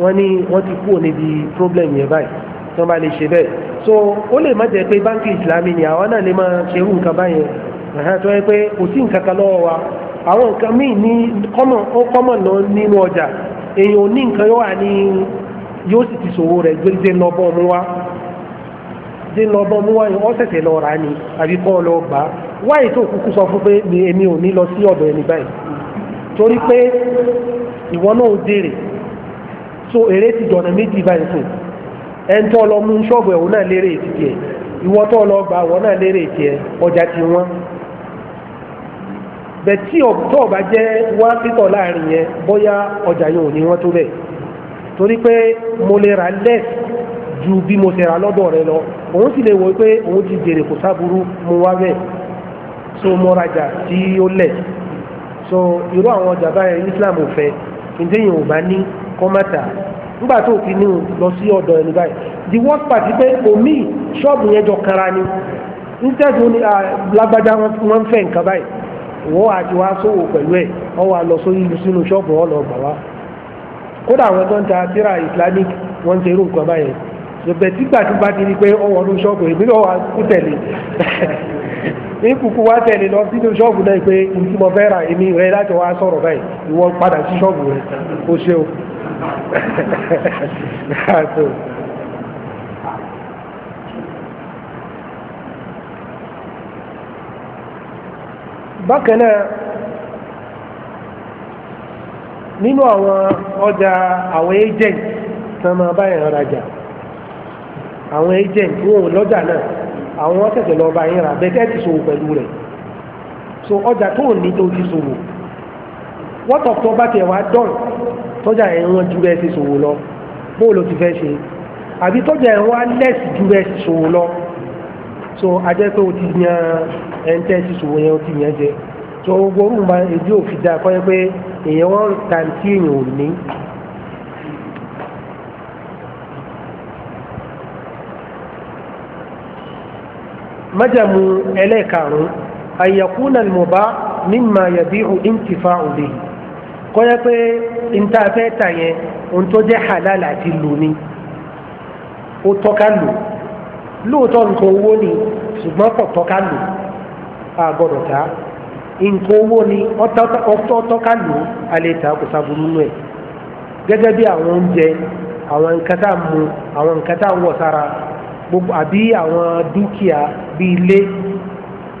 wọn ni wọn ti kúrò níbi problem yẹn báyìí. tí bá lè ṣe bẹ́ẹ̀ so ó lè má jẹ́ pé báńkì ìsìlámì ni àwọn náà lè máa ṣerú nǹkan báyẹn tó yẹ pé kò sí nǹkan kan lọ́wọ́ wa àwọn nǹkan míì ní common ó common lọ nínú ọjà èèyàn ò ní nǹkan yóò wà ní yóò sì ti ṣòwò rẹ̀ gbé lọ́bọ̀ mú dé lọ́bọ̀ mú yẹn ó ṣẹ̀ṣẹ̀ lọ rà ni àbí kọ́ lọ gbà á wáyé tó kúkú sọ fún pé èmi ò ní lọ sí ọ̀dọ̀ ẹni so èrè ti dọ̀nà méjì báyìí fún un ẹ̀ńtọ́ lọ mú ṣọ́ọ̀bù ẹ̀wọ̀n náà lérè ètìkì ẹ̀ ìwọ lọ gba na náà lérè ètì ẹ̀ ọjà ti wọ́n bẹ̀tí tó ọba jẹ́ wá pítọ̀ láàrin yẹn bóyá ọjà yẹn ní wọ́n tó bẹ̀ torí pé mo lè ra ju bí mo ṣe ra lọ́dọ̀ rẹ lọ òun sì lè wọ pé òun ti jèrè kò sábúrú mo wá bẹ̀ so mo rajà tí ó lẹ̀ so irú àwọn ọjà báyẹn Islam ò fẹ́ ǹdẹ́yìn ò bá ní nígbà tó ti ní lọ sí ọ̀dọ̀ ẹni báyìí the worst part pé omi ṣọ́ọ̀bù yẹn jọ kara ni instead wọn ni ah, lágbájá wọn fẹ́ nǹkan báyìí wọ́n àti wá sówò pẹ̀lú ẹ̀ wọ́n wá lọ sórí ìlú sínú ṣọ́ọ̀bù wọn lọ gbà wá kódà àwọn tó ń ta tíra islamic wọ́n ń ṣe nǹkan báyìí ṣùgbọ́n tígbà tí bá ti rí pé ọwọ́ ọdún ṣọ́ọ̀bù èmi kú tẹ̀lé bákan náà nínú àwọn ọjà àwọn agent tán máa báyìí rajà àwọn agent wọn ò lọ́jà náà àwọn wọn tẹ̀sẹ̀ lọ́ọ́ báyìí rà bẹ́ẹ̀ tẹ́ ti ṣòwò pẹ̀lú rẹ̀ so ọjà tó ní tó ti ṣòwò wọ́tọ̀ tó bá tẹ̀ wá dọ̀n tọ́jà yẹn wọ́n ju bẹ́ẹ̀ ṣe ṣòwò lọ bó ló ti fẹ́ ṣe àbí tọ́jà yẹn wá lẹ́sì ju bẹ́ẹ̀ ṣe ṣòwò lọ so ajẹ́ pé o ti yan ẹ̀ńtẹ́ ṣe ṣòwò yẹn o ti yàn jẹ so gbogbo orú ma èdè òfin dáa kọ́ yẹ pé èèyàn wọ́n ta tí èèyàn ò ní. májàmú ẹlẹ́ẹ̀karùn-ún àyẹ̀kú nàlmọ̀bá mímọ̀ àyẹ̀bí ò ń òde yìí kọ́yẹ́ pé níta fẹ́ tà yẹn ohun tó jẹ́ halal àti lò ni ó tọ́ka lò lóòótọ́ nǹkan owó ni ṣùgbọ́n kò tọ́ka lò a gbọ́dọ̀ ta nǹkan owó ni ọtọ́ tọ́ka lò alẹ́ ta kò sábúrú nù ẹ̀ gẹ́gẹ́ bí àwọn oúnjẹ àwọn nǹkan tá a mu àwọn nǹkan tá a wọ̀ sára gbogbo àbí àwọn dúkìá bíi ilé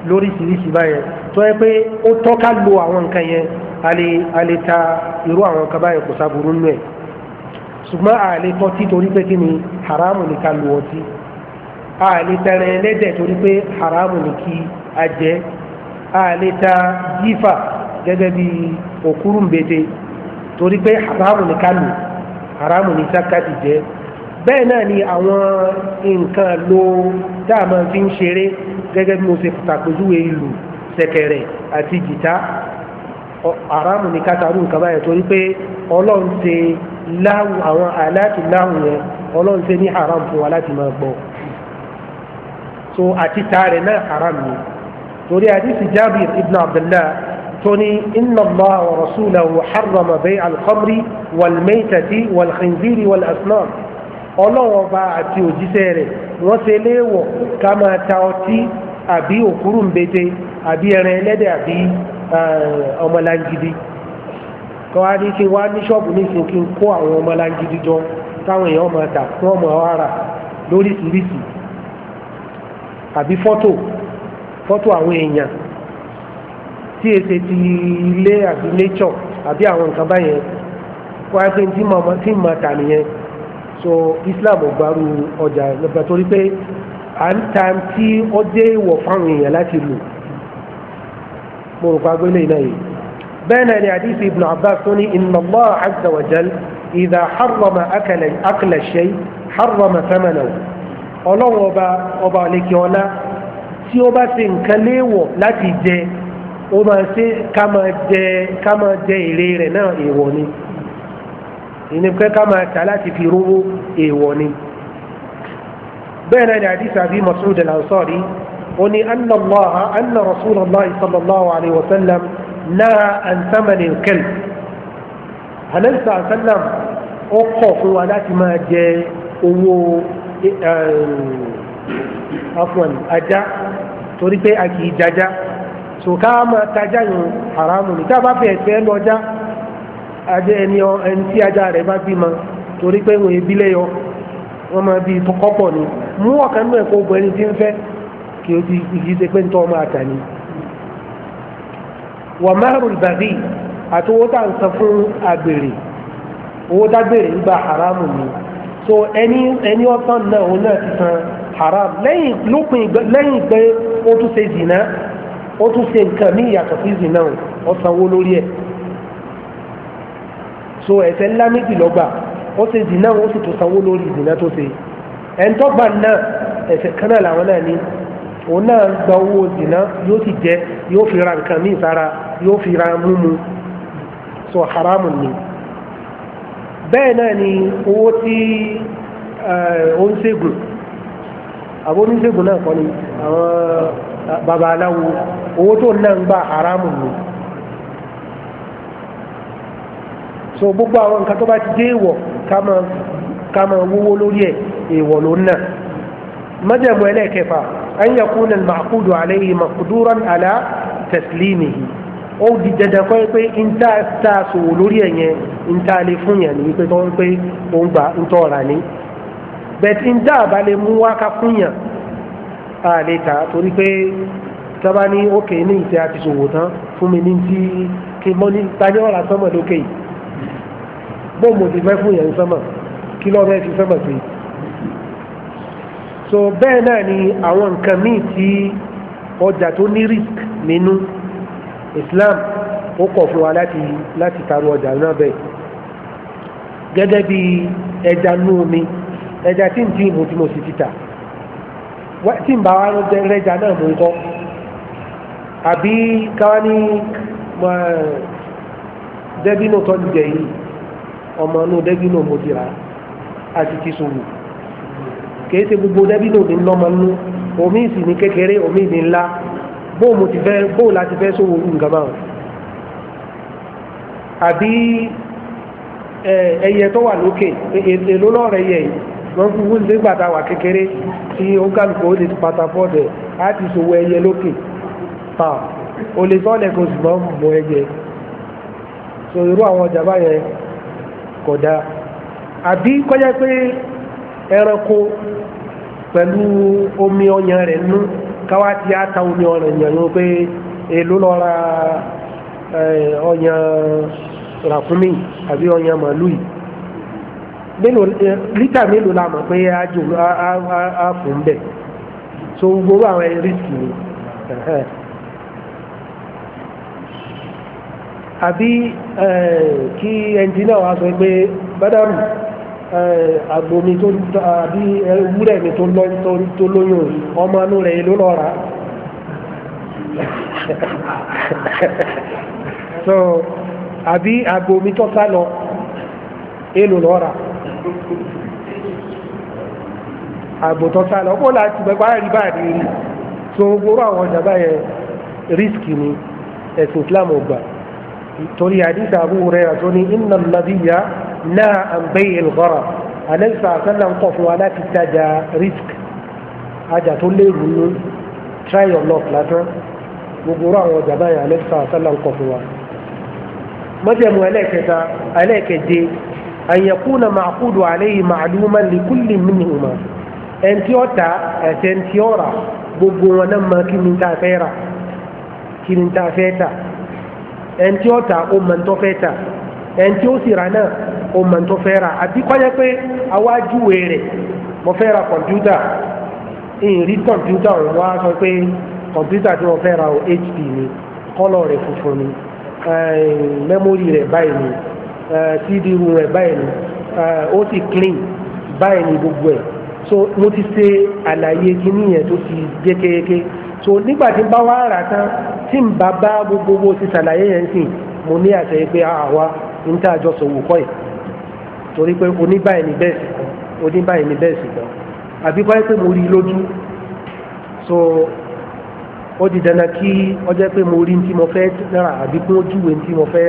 lóríṣiríṣi báyẹn tó pé ó tọ́ka lò àwọn nǹkan yẹn. ali ta irú àwọn kaba yẹn kò sábúrú nù ẹ̀ ṣùgbọ́n àlẹ́ tọ́ tí torí pé kí ni haramu ni ká lu ọtí àlẹ́ tẹ̀rẹ̀ ẹlẹ́dẹ̀ torí pé haramu ni a jẹ ta jífà gẹ́gẹ́ bí òkúrùnbete torí pé haramu ni ká jẹ haramu ní kátàrú nǹkan báyẹn torí pé ọlọ́run ṣe láwùn àwọn aláàtì láwùn yẹn ọlọ́run ṣe ní haram fún wa láti máa gbọ́ so àti tààrẹ náà haram ni torí àdìsí Jabir ibn Abdullah توني إن الله ورسوله حرم بيع الخمر والميتة والخنزير والأصنام ọlọ́wọ́ bá àti òjíṣẹ́ rẹ̀ wọ́n ṣe léèwọ̀ ká máa ta ọtí àbí òkúrú ńbete àbí ẹran ẹlẹ́dẹ̀ àbí ọmọlangidi kọ́wá ní kí wá ní ṣọ́ọ̀bù kí n kó àwọn ọmọlangidi jọ táwọn èèyàn máa tà fún ọmọ ara lóríṣiríṣi àbí fọ́tò fọ́tò àwọn èèyàn tí èsè ti ilé àbí nature àbí àwọn nǹkan báyẹn pé tí tà nìyẹn so Islam ò gbárù ọjà torí à ń ta tí ó dé ìwọ̀ fáwọn èèyàn láti lò mo rò pa gbélé náà yìí bẹ́ẹ̀ náà ni àdìsí ibn abbas tó ní inna Allah azza wa jal idha harrama akla shay harrama thamanahu ọlọ́run ọba ọba àlekè ọlá tí ó bá ṣe nǹkan léèwọ̀ láti jẹ ó máa ṣe ká máa jẹ ká máa jẹ èrè rẹ̀ náà èèwọ̀ ni ìnípẹ́ ká máa tà láti fi rówó èèwọ̀ ni. بين حديث أبي مسعود الأنصاري وني أن الله أن رسول الله صلى الله عليه وسلم نهى عن ثمن الكلب هل صلى الله عليه وسلم أوقف ولا ما جاء owó eh, afwan ajá torí pé a kì í jajá so ká máa tajá yìí haramu ni tá a bá fẹ́ fẹ́ lọ́jà ajá ẹni ẹni tí ajá rẹ̀ bá bímọ torí pé wọ́n ebi lẹ́yọ wọ́n máa bí kọ́pọ̀ ni mú ọ̀kan náà kó obìnrin tí ń fẹ́ kí o ti kì í ṣe pé ń tọ́ ọmọ àtà ni. wà márùn bàbí àti owó tá à ń san fún àgbèrè owó dágbèrè ń gba haramu ni so ẹni ẹni ọ̀tàn náà òun náà ti san haram lẹ́yìn lópin lẹ́yìn pé ó tún ṣe zìnà ó tún ṣe nǹkan ní ìyàtọ̀ sí zìnà ó sanwó lórí ẹ̀ so ẹ̀ṣẹ̀ ńlá méjì lọ́gbà ó ṣe zìnà ó sì tún sanwó lórí zìnà tó ṣe ẹ̀ńtọ́gbà náà ẹ̀sẹ̀ kan náà làwọn náà ní òun náà gba owó dìná yóò sì jẹ yóò fi ra nǹkan míì sára yóò fi ra múmu so haramu ni bẹ́ẹ̀ náà ni owó tí eh, oníṣègùn àwọn oníṣègùn náà kọ́ ni àwọn eh, babaláwo owó tó náà ń gba haramu ni. so gbogbo àwọn nǹkan tó bá ti dé ìwọ̀ ká máa ká máa wówó lórí ẹ̀ èèwọ̀ ló náà májẹ̀mú ẹlẹ́ẹ̀kẹfà an yakuna al-ma'qudu alayhi maqduran ala taslimihi ó di dandan kọ́ pé n ta ta sòwò lórí ẹ̀ yẹn n ta lè fún yẹn ní pé tó ń pé ó ń gbà ń tọ́ ra ní bẹ́ẹ̀ n ta àbá mú wá ká fún yẹn a lè ta torí pé tábà ní ókè ní ìtẹ́ àti sòwò tán fún mi ní ti kí mọ́ ní tani ọ̀rà sọ́mọ̀ lókè yìí bó mo ti fẹ́ fún yẹn sọ́mọ̀ kí lọ́ọ́ bẹ́ẹ̀ fi sọ́mọ̀ sí. so bẹ́ẹ̀ náà ni àwọn nǹkan míì tí ọjà tó ní risk nínú Islam ó kọ̀ fún wa láti láti taru ọjà náà bẹ́ẹ̀ gẹ́gẹ́ bí ẹja nú omi ẹja tí n tí mo tí mo sì ti tà tí n bá wa rẹja náà mo ń kọ́ àbí káwa ní dẹ́bínú tó jẹ yìí ọmọ inú dẹ́bínú mo ti rà á àti ti sòwò kìí ṣe gbogbo dẹ́bìlì òní lọ́mọ omi ìsìn ní kékeré omi ìní ńlá bóòmù ti fẹ́ bóò láti fẹ́ sòwò nǹkan báwọn àbí ẹyẹ tó wà lókè e, e, èlò lọ́rọ̀ ẹyẹ yìí wọ́n fún wúlò nígbà tá wà kékeré tí ó kálukú ó lè pátápọ́ọ̀dù ẹ̀ á ti sòwò ẹyẹ lókè pa ò lè sọ́ọ̀lẹ̀ kò sì mọ́ mọ́ ẹyẹ so irú àwọn ọjà báyẹn kò dáa àbí kọjá pé ẹranko pẹ̀lú omi ọyàn rẹ̀ nú káwá ti á ta omi ọyàn yàn yín pé èló lọ ra ọyàn ràkúnmí àbí ọyàn màlúù yìí mélòó lítà mélòó la mọ̀ pé ájò á bẹ̀ so gbogbo àwọn ẹni ni àbí kí ẹnjìnà wa sọ pé bádàmù àgbomi tó àbí ewúrẹ́ mi tó lóyún ọmọ inú rẹ̀ ló lọ rà so àbí àgbomi tó sá lọ èlò lọ rà àgbò tó sá lọ kó láti gbẹgbà rí báyìí rí so gbogbo àwọn ọjà báyẹn rísìkì ni ẹ̀sìn Islam ò torí àdìsá àbúrò rẹ̀ àtúní ìnàlàdíyà náà à ń bẹ́ ìlgọ́rọ̀ àlẹ́sà àtàlà ń kọ̀ fún wa láti tajà risk ajá tó léwu ní try your luck lásán gbogbo àwọn ọjà báyìí àlẹ́sà àtàlà ń kọ̀ fún wa. mọ́jẹ̀mú ẹlẹ́kẹta ẹlẹ́kẹje àyẹ̀kúnà màkúdù àlẹ́yìn màlúmọ́ lìkúlì mìíràn ẹni tí ó ta ẹ̀sẹ̀ ń tí ó rà gbogbo wọn náà máa kí ni tá fẹ́ rà kí ni tá fẹ́ ta ẹni tí ó máa ń tọ́ fẹ́ ta ẹni ó sì rà náà ó mọ̀ tó fẹ́ ra àbí kọ́jẹ́ pé awájúwe rẹ̀ mo fẹ́ ra kọ̀ǹpútà ìrì kọ̀ǹpútà òun wá sọ pé kọ̀ǹpútà tí mo fẹ́ ra o HP ni kọ́lọ̀ rẹ̀ funfun ni eh, mẹ́mórì rẹ̀ báyìí ni eh, cd ru rẹ̀ báyìí ni eh, ó ti clean báyìí ni gbogbo ẹ̀ so mo ti ṣe àlàyé kíní yẹn tó ti yékéyéké so nígbà tí n bá wá rà tán tí n bá bá gbogbo bó ti ṣàlàyé yẹn sìn mo ní àṣẹ pé àwa ń tà àjọṣòwò kọ́ yìí torí pé oníbàyẹ̀ ni bẹ́ẹ̀ sì kan oníbàyẹ̀ ni bẹ́ẹ̀ sì kan àbí kọ́ ẹ pé mo rí i lójú so ó di dandan kí ọjọ́ pé mo rí ní tí mo fẹ́ rà àbí kí wọ́n júwe ní tí mo fẹ́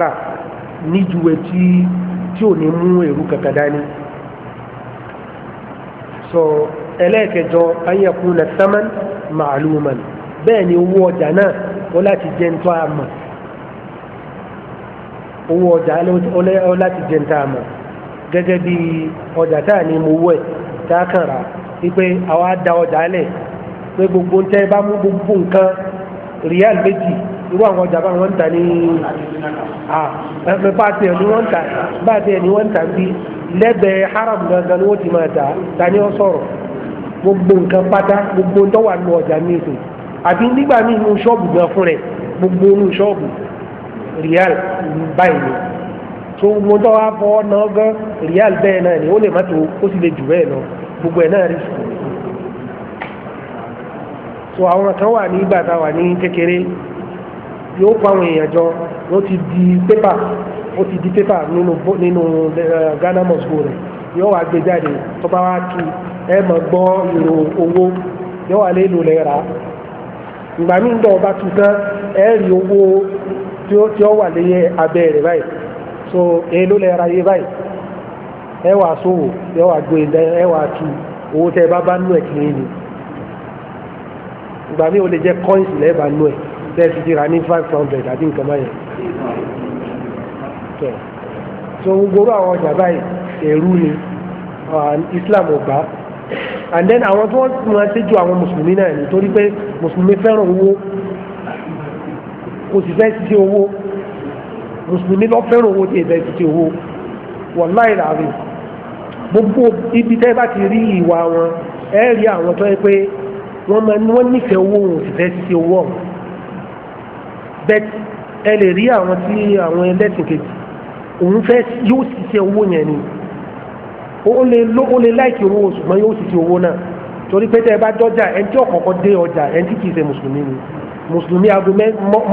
rà níjúwe tí tí ò ní mú èrú kankan dání so ẹlẹ́ẹ̀kẹjọ ayẹ̀kú na saman ma'luman bẹ́ẹ̀ ni owó ọjà náà ó láti jẹ́ ntọ́ àmọ́ owó ọjà ó láti jẹ́ ntọ́ àmọ́ gẹ́gẹ́ bí ọjà táà ní mo wọ̀ ẹ̀ tá a kàn rà wípé àwa da ọjà lẹ̀ pé gbogbo ntẹ́ bá mú gbogbo nǹkan ríàl méjì irú àwọn ọjà bá wọn ń ta ní ẹgbẹ́ bá tiẹ̀ ni wọ́n ń ta bá tiẹ̀ ni wọ́n ń ta bí lẹ́gbẹ̀ẹ́ haram gangan ni wọ́n ti máa ta ta ni ó sọ̀rọ̀ gbogbo nǹkan pátá gbogbo ń tọ́wà nù ọjà ní ètò àbí nígbà míì inú ṣọ́ọ̀bù gan fún rẹ̀ gbogbo inú ṣọ́ọ̀bù ríàl báyìí tó mọ́tọ́ wá fọ́ náà gán ríàl bẹ́ẹ̀ náà ni ó lè má tó ó sì lè jù bẹ́ẹ̀ lọ gbogbo ẹ̀ náà rí àwọn kan wà ní ìgbà tá a wà ní kékeré yóò ó ti di pépà ó ti di pépà nínú eh, Ghana mosco yóò wá gbé jáde tó tu ẹ mọ̀ gbọ́ ìrò owó yóò wá lé ìgbà míì ń dọ̀ tu ẹ rí owó tí wà lé abẹ́ báyìí. so èló lè ra iye báyìí ẹ wàá sòwò ẹ wàá gbé e ẹ wàá tu owó tẹ ẹ bá bá nú ẹ kiri ni ìgbà mi ò lè jẹ coins lẹ́ẹ̀bà nú ẹ tẹ ẹ ti ti ra ní five hundred àti nǹkan báyẹn so gbogbo àwọn ọjà báyìí ẹ̀rú ni Islam ò gbà and then àwọn tó wọ́n ti ju àwọn mùsùlùmí náà nítorí pé mùsùlùmí fẹ́ràn owó kò sì fẹ́ ṣe owó mùsùlùmí lọ fẹ́ràn owó tí ẹ̀bẹ̀ ti owó wọ̀n láì ràrí gbogbo ibi tẹ́ bá ti rí ìwà wọn ẹ rí àwọn tó yẹ pé wọ́n máa ní wọ́n nífẹ̀ẹ́ owó òun sì fẹ́ ti owó ọ̀hún bẹ́ẹ̀ ẹ lè rí àwọn tí àwọn ẹlẹ́sìn kejì òun fẹ́ yóò sì ṣe owó yẹn ni ó lè ló ó lè láìkí owó ṣùgbọ́n yóò sì ṣe owó náà torí pé tẹ́ ẹ bá dọ́jà ẹni tí ọ̀kọ̀ọ̀kan dé ọjà ẹni tí kì í ṣe mùsùlùmí ni mùsùlùmí aago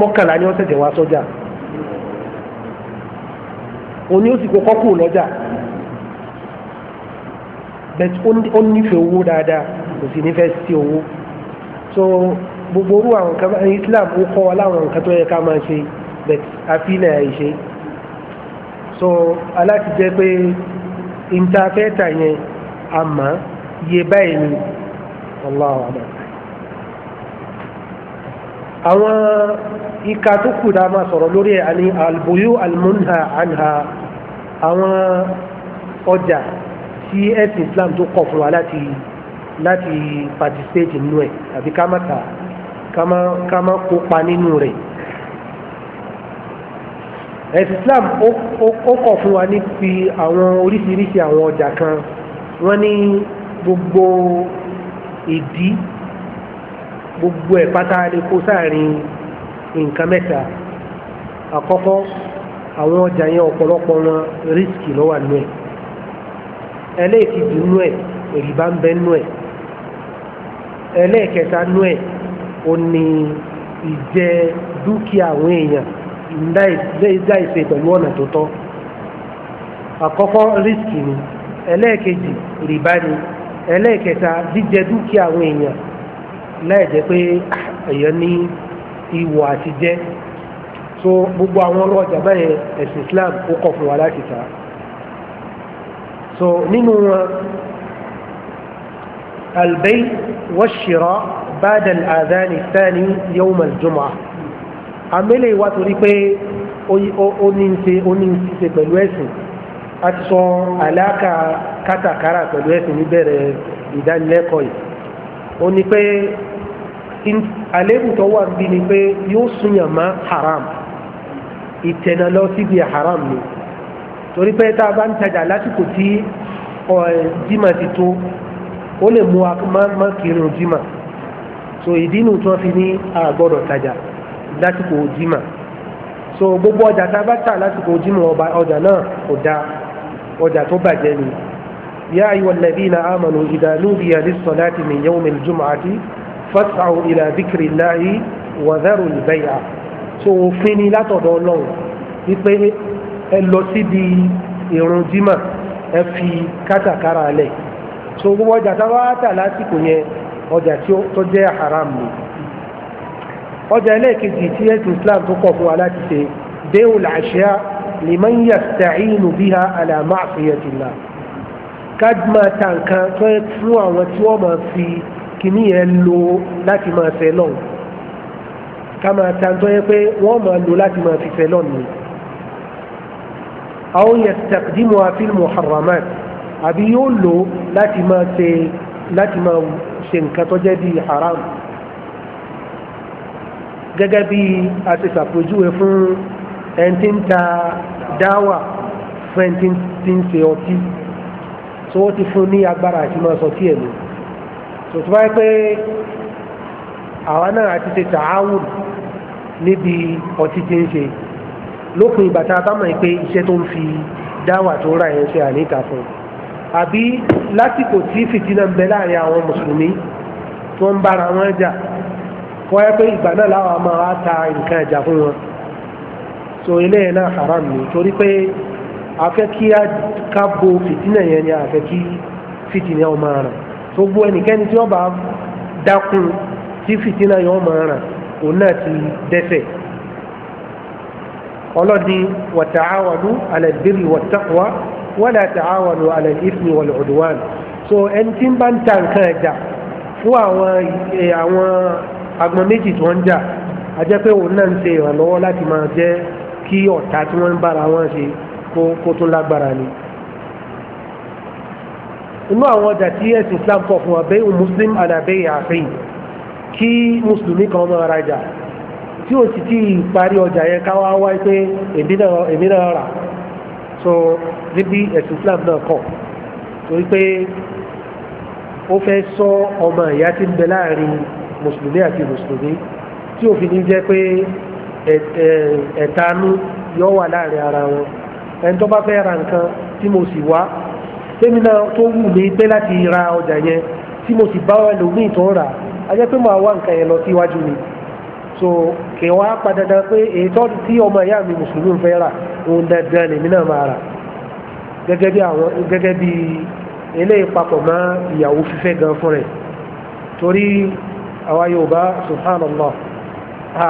mọ́kànlá ni wọ́n ṣẹ̀ṣẹ̀ wá sọ́jà. So òní ó sì kó kọ́kù lọ́jà but ó nífẹ̀ẹ́ owó dáadáa kò sì nífẹ̀ẹ́ sí owó so gbogbo orú àwọn nǹkan Islam ó kọ́ wa láwọn nǹkan tó yẹ ká máa ṣe but àfihàn àìṣe so aláti jẹ́ pé ìntafẹ́ta yẹn àmọ́ yé báyìí ni Allah Allah àwọn ìka tó kù dáa máa sọ̀rọ̀ lórí ẹ̀ àní albuyu almunha anha àwọn ọjà tí ẹ̀sìn islam tó kọ̀ fún wa láti láti participate nínú ẹ̀ àbí ká má ta ká má kópa nínú rẹ̀ ẹ̀sìn islam ó kọ̀ fún wa níbi àwọn oríṣiríṣi àwọn ọjà kan wọ́n ní gbogbo ìdí gbogbo ẹ̀ pátá lè kó sáàrin nǹkan mẹ́ta àkọ́kọ́ àwọn ọjà yẹn ọ̀pọ̀lọpọ̀ wọn rísìkì ló wà nú ẹ̀ ẹlẹ́ẹ̀kejì nú ẹ̀ èrìbá ń bẹ nú ẹ̀ ẹlẹ́ẹ̀kẹta nú ẹ̀ ó ní ìjẹ dúkìá àwọn èèyàn láìṣe pẹ̀lú ọ̀nà tó tọ́ àkọ́kọ́ rísìkì ni ẹlẹ́ẹ̀kejì rìbá ni ẹlẹ́ẹ̀kẹta jíjẹ dúkìá àwọn èèyàn láì jẹ́ pé èèyàn ní ìwọ àti jẹ́ so gbogbo àwọn ọlọ́ ọjà báyẹn ẹ̀sìn Islam ó kọ̀ fún wa láti ta so nínú wọn albay washira bada al-adhan athani yawm al-jum'ah àmẹ́lẹ̀ wa torí pé ó ní ń ṣe ó ní ń ṣe pẹ̀lú ẹ̀sìn a ti sọ àlàkà kátàkárà pẹ̀lú ẹ̀sìn níbẹ̀rẹ̀ ìdánilẹ́kọ̀ọ́ yìí ó ní pé àlébù tó wà níbi ni pé yóò súnyàn má haram ìtẹ̀nà lọ síbi haram ni torí pé tá a bá ń tajà lásìkò tí jimá ti tó ó lè mú wa má kírun jimá so ìdí nu tí wọ́n fi ní àgbọ̀dọ̀ tajà lásìkò jimá so gbogbo ọjà tá a bá tà lásìkò jimá ọjà náà kò dáa ọjà tó bàjẹ́ ni. يا أيها الذين آمنوا إذا نودي للصلاة من يوم الجمعة fas'au ila dhikrillahi wa dharu al so òfin ni látọ̀dọ̀ ọlọ́run wípé ẹ lọ síbi ìrun jímà ẹ fi kátàkárà lẹ̀ so gbogbo ọjà tá a bá tà lásìkò yẹn ọjà tó jẹ́ haram ni ọjà ẹlẹ́ẹ̀kejì tí ẹ̀sìn Islam tó kọ̀ fún wa láti ṣe déhùn làṣẹ́à lèmọ́n yà sàìnù bí ha àlàmà àfihàn ti là fún àwọn tí wọ́n máa fi kìíní yẹn lò láti máa fẹ́ lọ́hùn ká máa ta ń tọ́ yẹ pé wọ́n máa lò láti máa fi fẹ́ lọ́hùn ni. àwọn yastaqdimu fil muharramat àbí yóò lò láti máa ṣe láti máa ṣe nǹkan tó jẹ́ bíi haram gẹ́gẹ́ bí a ti ṣàpèjúwe fún ẹni ta dáwà fún ẹni tí ń ṣe ọtí tí ti fún ní agbára àti máa sọ tí ẹ̀ lò tòtú báyìí pé àwa náà àti ṣe tààwùn níbi ọtí tí ń ṣe lópin ìgbà tá a bá mọ̀ pé iṣẹ́ tó ń fi dáwà tó rà yẹn ṣe àníkà fún un àbí lásìkò tí fìtínà ń bẹ láàrin àwọn mùsùlùmí tó ń bára wọn jà kọ́ ẹ pé ìgbà náà láwa máa ta nǹkan ẹ̀jà fún wọn so eléyìí náà haram ni torí pé a fẹ́ kí a ká bo fìtínà yẹn ni a fẹ́ kí fìtínà ọmọ rẹ̀ gbogbo ẹnikẹ́ni tí wọ́n bá dákun tí fìtínà yóò máa ràn òun náà ti dẹ́ṣẹ̀ ọlọ́ni wàtàáwàlú alẹ́bírì wàtàkùwá wọ́n àtàáwàlú alẹ́bírì wàlúwàlú so ẹni tí ń bá ń ta nǹkan ẹ̀dá fún àwọn eh, àwọn agbọn méjì tí wọ́n ń jà a jẹ́ pé òun náà ń ṣe ìrànlọ́wọ́ láti máa jẹ́ kí ọ̀tá tí wọ́n ń bára wọn ṣe kó tó lágbára ni inú àwọn ọjà tí ẹ̀sìn Islam kọ̀ fún wa bẹ́ẹ̀ muslim alábẹ́ àfẹ́yìn kí mùsùlùmí kan máa rajà tí ó sì ti parí ọjà yẹn káwá wá pé èmi náà rà so níbi ẹ̀sìn Islam náà kọ̀ torí pé ó fẹ́ sọ ọmọ ìyá tí ń bẹ láàrin mùsùlùmí àti mùsùlùmí tí òfin ní jẹ́ pé ẹ̀tanú yọ wà láàrin ara wọn ẹni tó bá fẹ́ ra nǹkan tí mo sì wá tẹ́mi náà tó wù mí pé láti ra ọjà yẹn tí mo sì bá ẹlòmíì tó ń rà á jẹ́ pé màá wá nǹkan yẹn lọ síwájú mi so kì wá padà dá pé ètò tí ọmọ ìyá mi mùsùlùmí fẹ́ rà òun dandan lèmi náà máa rà gẹ́gẹ́ bí àwọn gẹ́gẹ́ bí eléyìí papọ̀ mọ́ ìyàwó fífẹ́ gan fún rẹ̀ torí àwa Yorùbá subhanallah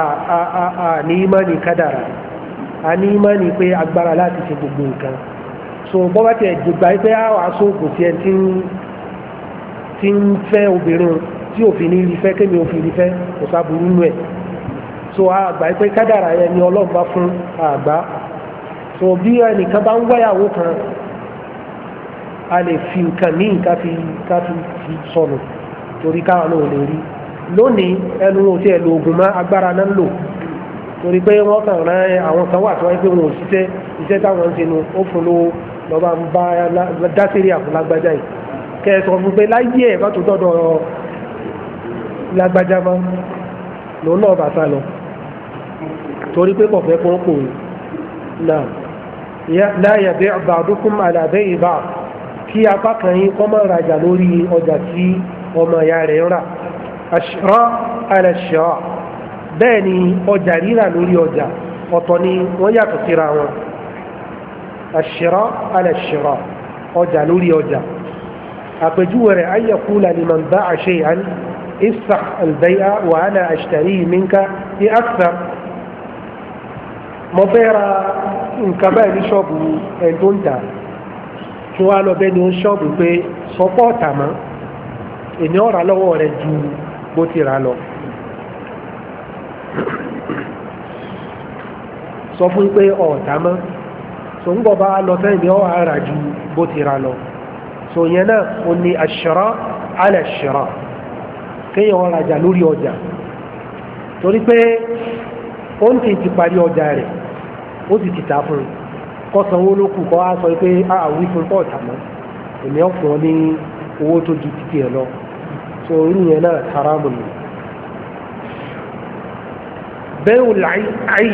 a a a a ní ìmánì kádàrà a ní ìmánì pé agbára láti ṣe gbogbo nǹkan. so bọ́ bá tiẹ̀ dìgbà yìí pé àwọn aṣọ kò tiẹ̀ ti ń fẹ́ obìnrin tí òfin ní ilé kémi òfin ilé kò sábúrú nù ẹ̀ so àgbà yìí pé kádàrà yẹn ni ọlọ́run bá fún àgbà so bí ẹnìkan bá ń wáyàwó kan a lè fi nǹkan míì ká fi ká fi sọnù torí káwọn náà lè rí lónìí ẹnu wọn ò tiẹ̀ lo oògùn mọ́ agbára náà ń lò torí pé wọ́n kàn rán àwọn kan wà pé wọn ò ṣiṣẹ́ táwọn ń ṣe nu ó fún lówó lọ́ba ń bá dásírí àfúlágbájá yìí kẹsàn-án fún pé láyé ẹ̀ bá tó dọ́dọ̀ lágbájá mọ́ lòun náà bàtà lọ torí pé kọ̀fẹ́ kọ́ kò náà láyà bẹ́ẹ̀ bàdúkùn àlàbẹ́ ìbá kí apá kan yín kọ́ rajà lórí ọjà tí ọmọ ìyá rẹ̀ ń rà àṣírọ́ àlẹ́ṣọ́ bẹ́ẹ̀ ni ọjà rírà lórí ọjà ọ̀tọ̀ ni wọ́n yàtọ̀ síra wọn. الشراء على الشراء ọjà lórí ọjà àpèjúwe rẹ̀ an yaqula liman ba'a shay'an istah al-bay'a wa ana ashtarihi minka bi akthar mo fẹ́ ra nǹkan báyìí ní ṣọ́ọ̀bù ẹni tó ń tà tí wọ́n á lọ bẹ́ẹ̀ ni ó ń ṣọ́ọ̀bù pé sọ́pọ̀ ọ̀tà mọ́ èmi ọ̀rà lọ́wọ́ rẹ̀ ju bó ti rà lọ. sọ fún pé ọ̀tà mọ́ so bá lọ tẹ́lẹ̀ ọ́ ara ju bó ti ra lọ so yẹn náà ó ní àṣírá alẹ́ kéèyàn ó rajà lórí ọjà torí pé ó ń tètè parí ọjà rẹ̀ ó sì ti tà fún un kọ́ sanwó ló kù kọ́ á sọ pé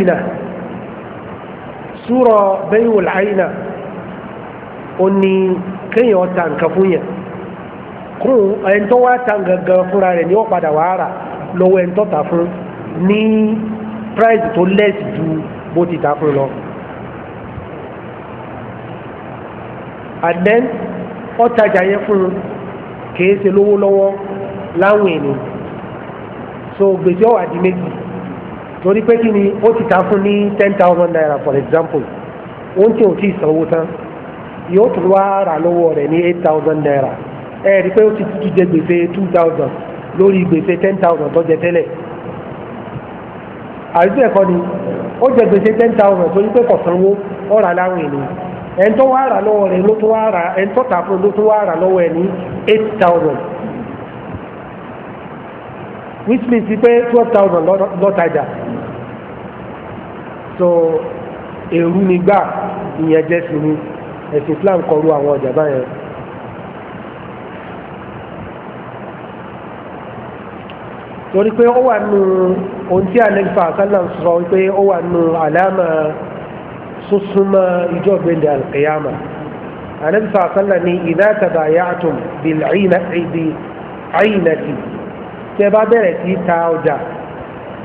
a súrọ bẹ́yìn wò láyìnà ó ní kéèyàn ta nǹkan fún yẹn kún ẹni tó wá ta gangan fúnra rẹ̀ ni ó padà wàá rà lọ́wọ́ ẹni tó ta fún ní price tó less ju bó ti ta fún lọ. and ọ̀tajà yẹn fún un kìí ṣe lówó lọ́wọ́ láwìn ni so gbèsè ọ̀wà di méjì torí pé kí ni ó ti ta fún ní ten thousand naira for example ohun tí o ti sanwó tán yóò tún wá rà lọ́wọ́ rẹ̀ ní eight thousand naira ẹ rí i pé ó ti tún jẹ gbèsè two thousand lórí gbèsè ten thousand tó jẹ tẹ́lẹ̀ àrídọ́ ẹ̀kọ́ ni ó jẹ gbèsè ten thousand torí pé kò sanwó ó rà láwìn ni ẹni tó wá rà lọ́wọ́ rẹ̀ ló tún wá rà ẹni tó tà fún ló tún wá rà lọ́wọ́ ẹ̀ ní eight thousand which means pé twelve thousand lọ́tajà so èrú ni gbà ìyẹn jẹ́ sí ni ẹ̀sìn Islam kọlu àwọn ọjà báyẹn. torí pé ó wà nù ohun tí anẹ́gbà sálàm sọ pé ó wà nù àlámà súnsúnmọ́ ìjọ gbẹ̀ndẹ̀ alkiyama anẹ́gbà sálàm ní idha tabayatum bil aynati tẹ́ bá bẹ̀rẹ̀ sí ta ọjà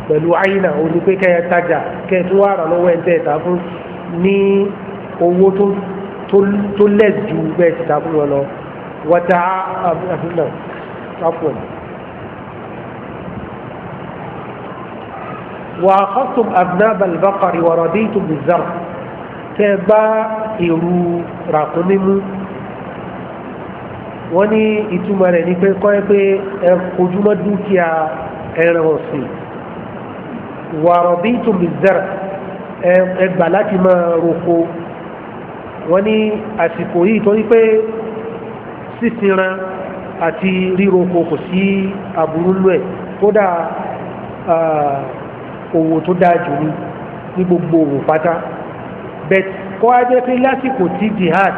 pẹ̀lú àyínà ó ní pé kẹ́yẹ tajà kẹ́yẹ tó wà rà lọ́wọ́ ẹ̀ńtẹ́ ìta fún ní owó tó lẹ̀ bẹ́ẹ̀ ti ta fún wọn lọ wọ́tá àfihàn afọ̀n. وأخذتم أذناب البقر ورضيتم بالزرع تبا إرو راقنمو wọ́n ní ìtumọ̀ rẹ̀ ní pé kọ́ ẹ pé ẹ kojúmọ́ dúkìá ẹran ọ̀sìn wàrọ̀bí tùmìzẹ́rà ẹgbà láti máa roko wọ́n ní àsìkò yìí torí pé sísinra àti ríroko kò sí aburú nú ẹ̀ kódà òwò tó dáa jù ní ní gbogbo òwò pátá bẹ́ẹ̀ kọ́ ajẹ́ pé lásìkò tí jihad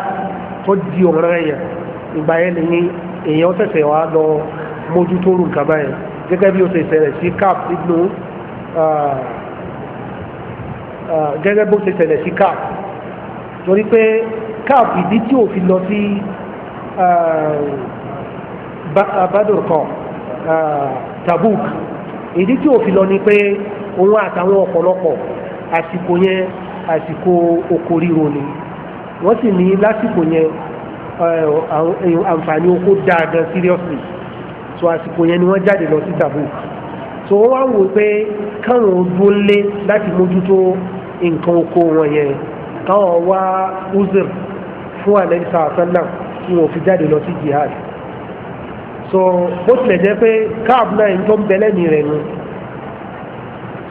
tó di ọ̀ràn ẹ̀yà ìgbà yẹn nìyí èèyàn tẹ̀sẹ̀ wá lọ mójútó nǹkan báyẹn gẹ́gẹ́ bí ó ṣe ṣẹlẹ̀ sí cap nínú gẹ́gẹ́ bó ṣe tẹ̀lẹ̀ sí cap torí pé cap ìdí tí ò fi lọ sí Badr kan Tabuk ìdí tí ò fi lọ ni pé òun àtàwọn ọ̀pọ̀lọpọ̀ àsìkò yẹn àsìkò oko ríro ni wọ́n sì ní lásìkò yẹn àǹfààní oko dáadáa seriously so àsìkò yẹn ni wọ́n jáde lọ sí Tabuk tó wọ́n wá wò pé káwọn ojú lé láti mójútó nǹkan oko wọn yẹn káwọn wá uzur fún àlẹ́sà àtàlà tí wọ́n fi jáde lọ sí jihad so bó tilẹ̀ jẹ́ pé káàbù náà ń tó ń bẹ́lẹ̀ ní rẹ̀ nu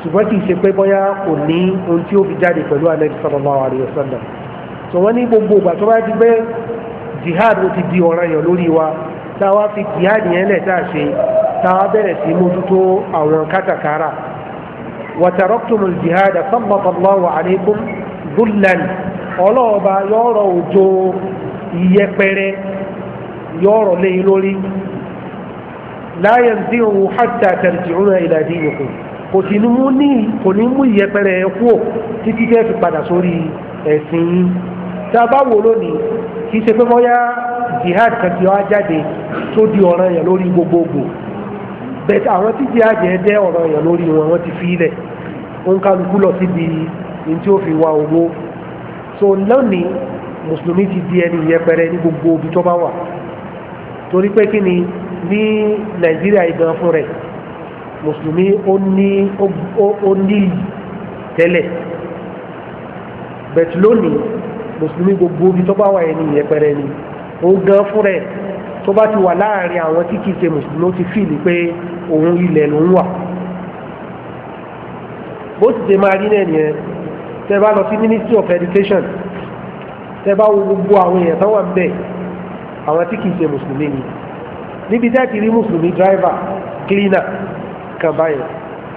ṣùgbọ́n kì í ṣe pé bóyá kò ní ohun tí ó fi jáde pẹ̀lú àlẹ́sà sallallahu alaihi wasallam so wọ́n ní gbogbo ìgbà tó bá ti gbé jihad ó ti di ọ̀ranyàn lórí wa táwa fi jihad yẹn lẹ̀ tá a ṣe táwa bẹ̀rẹ̀ sí mójútó àwọn kátàkárà wa taraktumul jihad sallata Allahu alaykum dúlẹ̀n ọlọ́ọ̀ba yọ̀ọ̀rọ̀ òjò ìyẹpẹrẹ yọ̀ọ̀rọ̀ lé lórí la yanzi'uhu hatta tarji'una ila dinikum kò sì ní mú ní kò ní mú ìyẹpẹrẹ kú títí tẹ́ fi padà sórí ẹ̀sìn yín tá a bá wò lónìí kì í ṣe pé bóyá jihad kàtí ọ́ jáde tó di ọ̀ràn yẹn lórí gbogbogbò bẹ́ẹ̀ àwọn tí jihad yẹn dẹ́ ọ̀ràn yẹn lórí wọn wọ́n ti fi ilẹ̀ òun kálukú lọ síbi ní tí ó fi wá owó so lónìí mùsùlùmí ti di ẹni yẹpẹrẹ ní gbogbo ibi tó bá wà torí pé kí ni ní nàìjíríà igan fún rẹ̀ mùsùlùmí ó ní ó ní tẹ́lẹ̀ bẹ́ẹ̀ lónìí mùsùlùmí gbogbo ibi tó bá wà ẹni yẹpẹrẹ ni. Yepere, òun gan fún rẹ̀ tó bá ti wà láàrin àwọn tí kìí ṣe mùsùlùmí ó ti fìlì pé òun ilẹ̀ ló ń wà bó sì ṣe máa rí náà nìyẹn tẹ́ bá lọ sí ministry of education tẹ́ bá wo gbogbo àwọn èèyàn tó wà ń bẹ̀ àwọn tí kìí ṣe mùsùlùmí ni níbi tẹ́ ti rí mùsùlùmí driver cleaner kan báyìí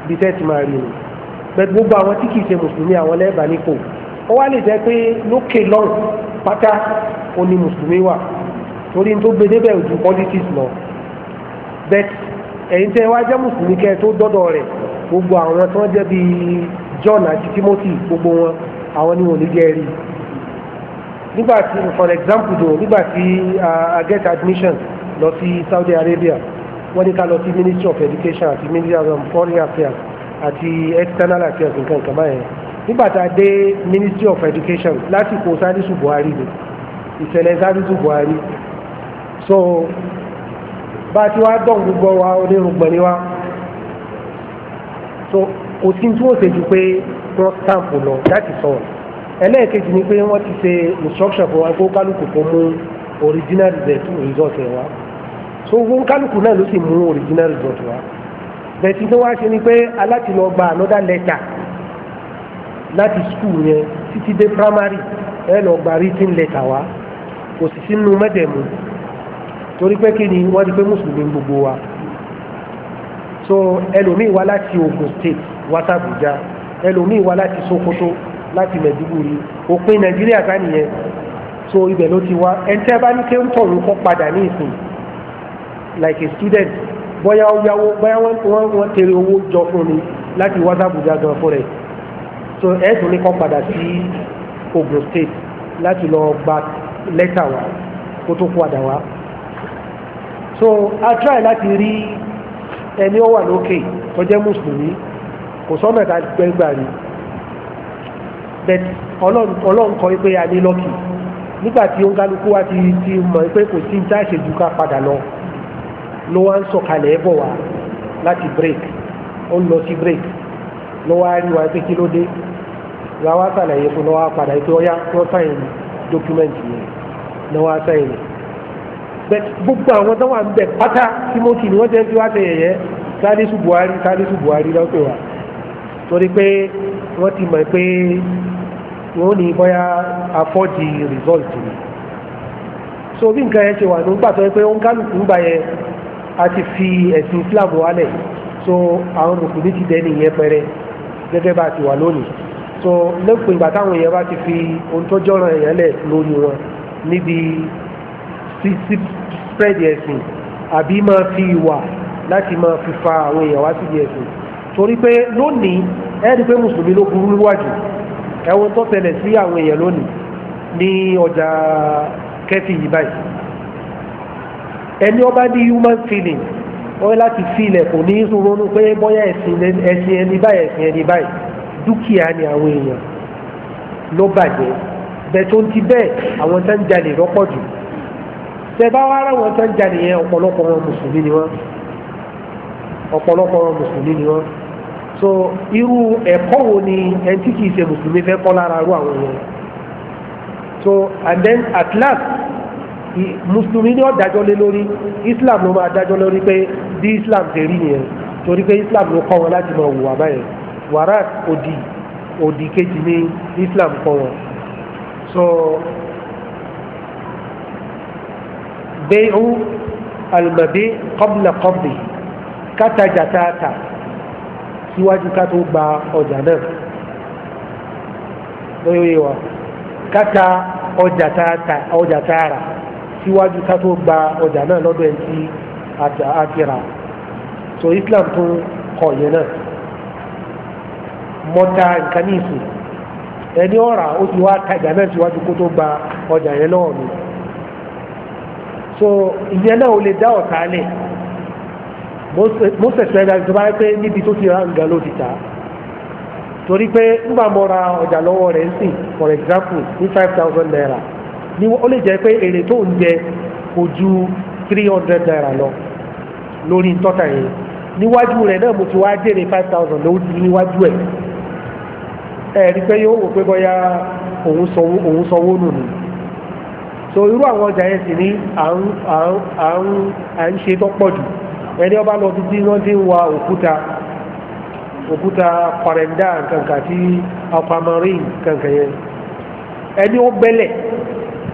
bí tẹ́ ti máa rí ni gbogbo àwọn tí kìí ṣe mùsùlùmí àwọn lẹ́ẹ̀bà nípò ó wá lè jẹ́ pé lókè lọ́rùn pátá ó ní mùsùlùmí wà torí tó gbé débẹ̀ ojú politics lọ bẹ́ẹ̀ ẹ̀yin tẹ́ wá jẹ́ mùsùlùmí kẹ́ tó dọ́dọ̀ rẹ̀ gbogbo àwọn tí wọ́n jẹ́ bíi John àti Timothy gbogbo wọn àwọn ni wọn ò ní jẹ́ rí nígbà tí for example do nígbà tí I get admission lọ sí Saudi Arabia wọ́n ní ká lọ sí Ministry of Education àti Ministry of Foreign Affairs àti External Affairs nǹkan kan báyẹn nígbàtà dé ministry of education lásìkò sadisu buhari ni ìṣẹ̀lẹ̀ sadisu buhari so bá ti wá dán gbogbo wa onírúgbọ̀n ni wa so kò sí tí wọ́n ṣe ju pé wọ́n stamp lọ láti sọ ẹlẹ́ẹ̀kejì ni pé wọ́n ti ṣe instruction fún wa pé kálukú kó mú original result ẹ̀ wá so wọ́n kálukú náà ló sì mú original result wá bẹ̀tí tó wá ṣe ni pé aláti lọ gba another letter láti skul yẹn títí dé primary ẹ lọ gba written letter wa kò sì sínú mẹ́tẹ̀ẹ̀mú torí pé kí ni wọ́n ti pé mùsùlùmí gbogbo wa so ẹlòmíì wá láti Ògùn state wá sí Àbújá ẹlòmíì wá láti Sokoto láti Mẹ̀dúgùrì òpin Nàìjíríà ká nìyẹn so ibẹ̀ ló ti wá ẹ̀ńtẹ́ bá ní kéńtọ̀ ló kọ́ padà ní ìsìn like a student bóyá ó yáwó bóyá wọ́n tẹ̀lé owó jọ fún mi láti wá sí gan fún rẹ̀ so ẹ tún ní kọ́ padà sí Ogun State láti lọ gba lẹ́tà wa kó tó padà wá so I try láti rí ẹni ó wà lókè tó jẹ́ mùsùlùmí kò sọ́nà ká gbẹ́gbà ni but ọlọ́run kọ́ pé a ní lọ́kì nígbà tí ó ń kálukú wa ti ti mọ̀ pé kò sí ní tá ìṣèjú ká padà lọ ló wá ń sọ̀kalẹ̀ bọ̀ wá láti break ó ń lọ sí break ló wá rí wa pé kí ló dé làwọn àtàlàyé fún lọ́wọ́ àpàdà ètò ọ̀yá wọ́n sáyìn dọ́kúmẹ́ǹtì yẹn lọ́wọ́ àtàyìn gbogbo àwọn tó wà ń bẹ pátá Timothy ni wọ́n jẹ́ fi wá ṣe yẹ̀yẹ́ Salisu Buhari Salisu Buhari lọ́pẹ̀ wá torí pé wọ́n ti mọ̀ pé wọ́n ní bóyá afọ́jì result ni so bí nǹkan yẹn ṣe wà ló ń gbà tó yẹ pé ó ń kálukú ń bá yẹn a ti fi ẹ̀sìn Islam wálẹ̀ so àwọn mùsùlùmí ti dẹni ìyẹn pẹrẹ gẹ́gẹ́ bá a ti wà lónìí so lẹ́pọ̀ ìgbà táwọn èèyàn bá ti fi ohun tó jọ́ràn èèyàn lẹ̀ lórí wọn níbi spread ẹ̀sìn àbí máa fi ìwà láti máa fi fa àwọn èèyàn wá síbi ẹ̀sìn torí pé lónìí ẹ rí i pé mùsùlùmí ló burú níwájú ẹ̀wọ̀n tó tẹ̀lẹ̀ sí àwọn èèyàn lónìí ní ọjà kẹfì yìí báyìí ẹni ọba ní human feeling wọ́n láti fi ilẹ̀ kò ní ronú pé bóyá ẹ̀sìn ẹni báyìí ẹ̀sìn ẹni báyìí dúkìá ni àwọn èèyàn ló bàjẹ́ bẹ́ẹ̀ tó ń ti bẹ́ẹ̀ àwọn tó ń jalè lọ́pọ̀ jù tẹ̀bá wá ara wọn tó ń jalè yẹn ọ̀pọ̀lọpọ̀ wọn mùsùlùmí ni wọ́n ọ̀pọ̀lọpọ̀ wọn mùsùlùmí ni wọ́n so irú ẹ̀kọ́ wo ni ẹni tí kìí ṣe mùsùlùmí fẹ́ kọ́ lára irú àwọn yẹn so and then at last mùsùlùmí ni ó dájọ́ lé lórí islam ló máa dájọ́ lórí pé bí islam ṣe rí nìyẹn torí pé islam ló kọ́ wọn láti máa hùwà báyẹn warat odi odi kejì ní Islam kọ́ wọn so bẹ́ẹ̀rù alùmọ̀bí qabla qabli kátàjà tààtà síwájú ká tó gba ọjà náà lóyún yìí wá kátà ọjà tààtà ọjà tààrà síwájú ká tó gba ọjà náà lọ́dọ̀ ẹ̀ tí a ti so Islam tún kọ̀ yẹn náà mọ́ta nǹkan ní ìsìn ẹni ọ̀rà ó ti wá tajà náà síwájú kó tó gba ọjà yẹn lọ́wọ́ mi so ìyẹn náà ó lè dá ọ̀tá lẹ̀ mọ́sẹ̀ sẹ́dá tó bá pẹ́ níbi tó ti ra nǹkan ló ti ta torí pé nígbà mo ra ọjà lọ́wọ́ rẹ̀ ń sìn for example ní five thousand naira ni ó lè jẹ́ pé èrè tó ń jẹ kò ju three hundred naira lọ lórí tọ́ta yẹn níwájú rẹ̀ náà mo ti wá jèrè five thousand lórí níwájú ẹ̀ ẹ̀rí pé yóò wò pé bọ́yá òun sọwọ́ nù so irú àwọn ọjà yẹn sì ní à ń ṣe tọ́pọ̀ jù ẹni ọba lọ títí wọ́n ti ń wa òkúta òkúta kankan àti aquamarine kankan yẹn ẹni ó gbẹ́lẹ̀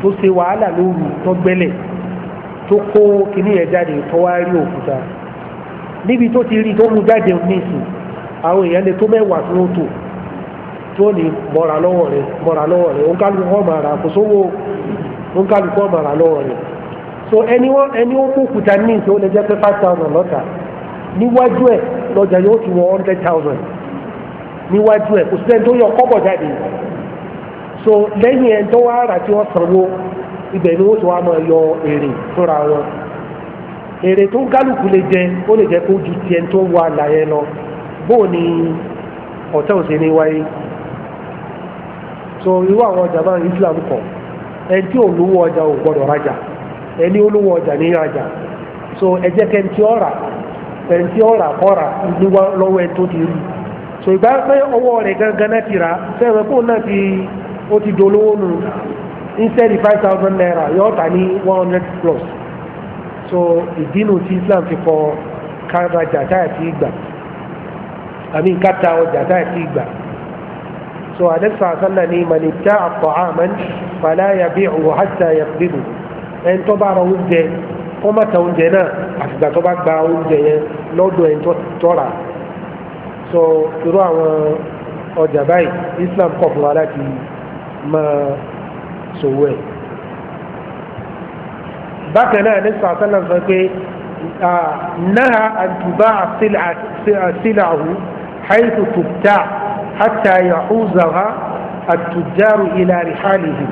tó ṣe wàhálà lóru tó gbẹ́lẹ̀ tó kó kíní yẹn jáde tó wá rí òkúta níbi tó ti rí tó mú jáde nísìn àwọn tí ó ní mọ́ra lọ́wọ́ rẹ̀ mọ́ra lọ́wọ́ rẹ̀ òǹkálùkù mara ara lọ́wọ́ rẹ̀ so ẹni ó kó ní ìṣe ó lè jẹ́ pé five thousand lọ́tà níwájú ẹ̀ lọ́jà yóò ti wọ hundred thousand níwájú ẹ̀ kò sílẹ̀ tó yọ kọ́bọ̀ jáde so lẹ́yìn ẹ̀ tó wá rà tí wọ́n sanwó ibẹ̀ ni wọ́n ti wá máa yọ èrè fúnra wọn èrè tó lè jẹ ó lè jẹ kó ju tiẹ̀ tó ni ọ̀tẹ̀ òsè so irú àwọn ọjà náà Islam kọ̀ ẹni tí olówó ọjà ò gbọdọ̀ rajà ẹni olówó ọjà ní rajà so ẹ jẹ́ kẹ́ni tí ó rà ẹni tí ó rà kọ́ rà níwá lọ́wọ́ ẹni tó ti rí so ìgbà pé ọwọ́ rẹ̀ gangan náà ti rà sẹ́wọ̀n kó náà ti ó ti dolówó nù instead of five thousand naira yóò tà ní one hundred plus so ìdínú tí Islam fi kọ kárajà táyà ti gbà àmì kátà ọjà táyà ti gbà so anẹ́sà sálà ní mànìjà àpọ̀ àmàn fàlàyà bí òwò hàtà yàgbìlù ẹni tó bá ra oúnjẹ kó má ta oúnjẹ náà àtìgbà tó bá gba oúnjẹ yẹn lọ́dọ̀ ẹni tó rà so irú àwọn ọjà báyìí Islam kọ̀ fún wa láti máa ṣòwò ẹ̀ bákan náà anẹ́sà sálà sọ pé náà àdùbá àsílàhù haythu tubta' hatta yahuzaha àtùjárù ila rihalihi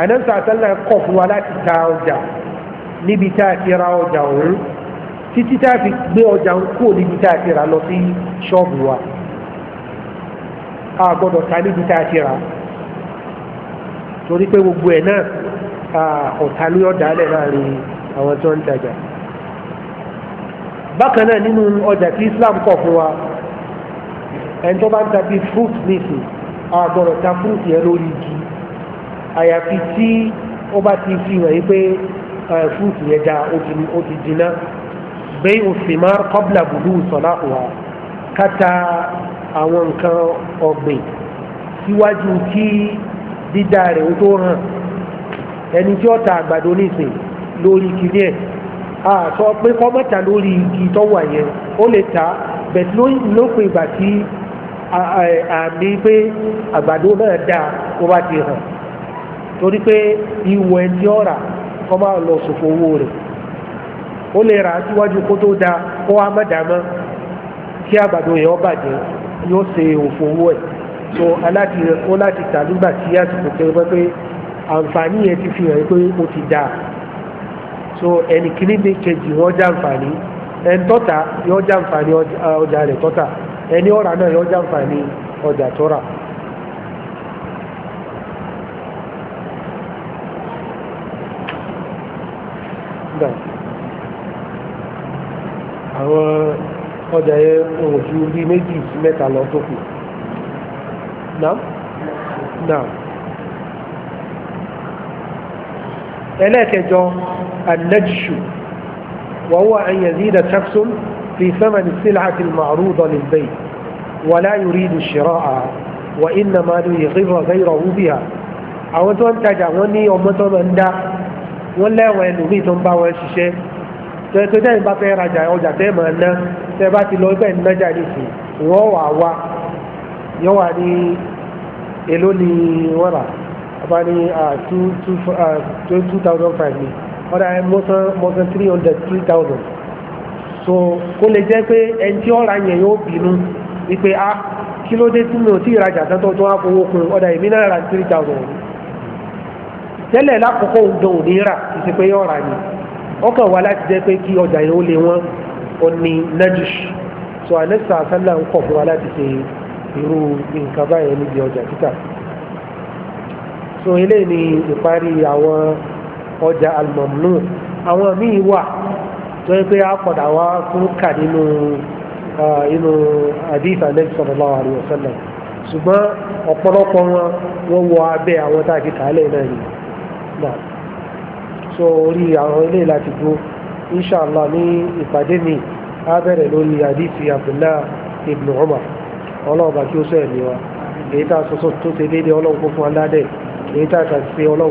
àdẹ́sà àtàlà kọ̀ fún wa láti ta ọjà níbi tá a ti ra ọjà òun títí tá a fi gbé ọjà ń kó níbi tá a ti ra lọ sí ṣọ́ọ̀bù wa a gbọ́dọ̀ ta níbi tá a ti ra torí pé gbogbo ẹ̀ náà ọ̀tá ló yọ̀dá lẹ̀ láàrin àwọn tó ń tajà bákan náà nínú ọjà tí Islam kọ̀ fún wa ẹni tó bá ń ta bíi fruit nísìn àgbọ̀rọ̀ ta fruit yẹn lórí igi àyàfi tí ó bá ti fi hàn yín pé fruit yẹn da ó ti jiná bẹ́ẹ̀ òsì máa kọ́bìlà bùdú sọ̀lá wà káta àwọn nǹkan ọ̀gbìn síwájú kí dídá rẹ̀ ó tó hàn ẹni tí ó ta àgbàdo nísìn lórí kìíní ẹ̀ àtọ́ pé kọ́mọ́ta lórí igi tó wà yẹn ó lè ta bẹ̀tí ló pè ìgbà tí àmì pé àgbàdo náà dáa tó bá ti hàn torí pé ìwọ̀ ẹ̀ tí ó rà kọ́ máa lọ ṣòfò owó rẹ̀ ó lè rà síwájú kó tó da kó wá mọ̀dàmọ́ kí àgbàdo yẹn ó bàjẹ́ yóò ṣe òfò owó ẹ̀ so aláti ó láti tà nígbà tí àsìkò kẹrẹ pé àǹfààní yẹn ti fi hàn pé ó ti dáa so ẹnì kìíní kejì wọ́n jàǹfààní ẹn tọ́ta yọ jàǹfààní ọjà rẹ̀ tọ́ta ẹni ọ̀rà náà yọ jàǹfààní ọjà tó rà. àwọn ọjà yẹn ohun ju bí méjì sí mẹ́ta lọ tó kù. náà náà. ẹlẹ́ẹ̀kẹjọ anẹ́jù wọ́n wà ń yẹ̀zí في ثمن السلعة المعروضة للبيع ولا يريد شراءها وإنما ليغر غيره بها àwọn tó ń tajà wọ́n ní ọmọ tó máa ń dá wọ́n lẹ́wọ̀n ẹlòmíì tó ń bá wọn ṣiṣẹ́ tẹ́tọ́ tẹ́yìn bá fẹ́ rajà ọjà tẹ́ máa ná tẹ́ bá ti lọ ibẹ̀ ń nájà nìsín wọ́n wà wá yọ́n wà ní èló ni wọ́n rà bá ní two thousand five ni ọ̀dà mọ́sán three hundred three thousand so kó lè jẹ́ pé ẹni tí ọ̀ra yẹn yóò bínú wípé a ah, kí ló dé tí mi ò tí ì rajà tọ́tọ́ tó wá fowó kun ọ̀dà èmi náà ra three thousand tẹ́lẹ̀ lákòókò òjò òní rà ìṣe pé ọ̀ra yẹn ọkàn wa láti jẹ́ pé kí ọjà yẹn ó lè wọ́n ó ní najish so anisa asala ń kọ̀ fún wa láti ṣe irú nǹkan báyẹn níbi ọjà títà so eléyìí ni ìparí àwọn ọjà al-mamnu àwọn míì wà tó yẹ pé a padà wá n'inu kà nínú inú hadith sallallahu alaihi wasallam ṣùgbọ́n ọ̀pọ̀lọpọ̀ wọn wọ́n wọ abẹ́ àwọn tá a ti kà náà ni náà so orí àwọn ilé láti dúró inṣàlá ní ìpàdé mi á bẹ̀rẹ̀ lórí hadith Abdullah ibn Umar ọlọ́ọ̀bà kí ó sọ ẹ̀mí wa èyí tá a sọ tó ṣe déédé ọlọ́run kó fún aládẹ́ èyí tá a kà sí ọlọ́run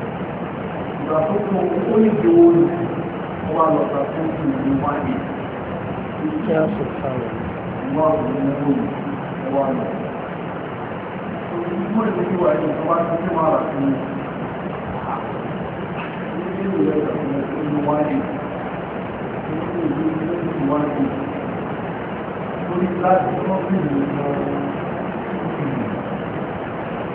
ìgbà tó tó ó ní ju olù wọn wá lọ sàkó ju ìlú wá dé. ìjẹ́ àṣọ sáré. ìwà òun ní olù wọn wá lọ. ìgbà tó tó wà ní ìjọba tó tó wà láti ní. ìgbà tó tó wà ní ìlú wá dé. ìgbà tó tó wà ní ìlú wá dé. torí láti tó tó wà ní ìlú wá dé.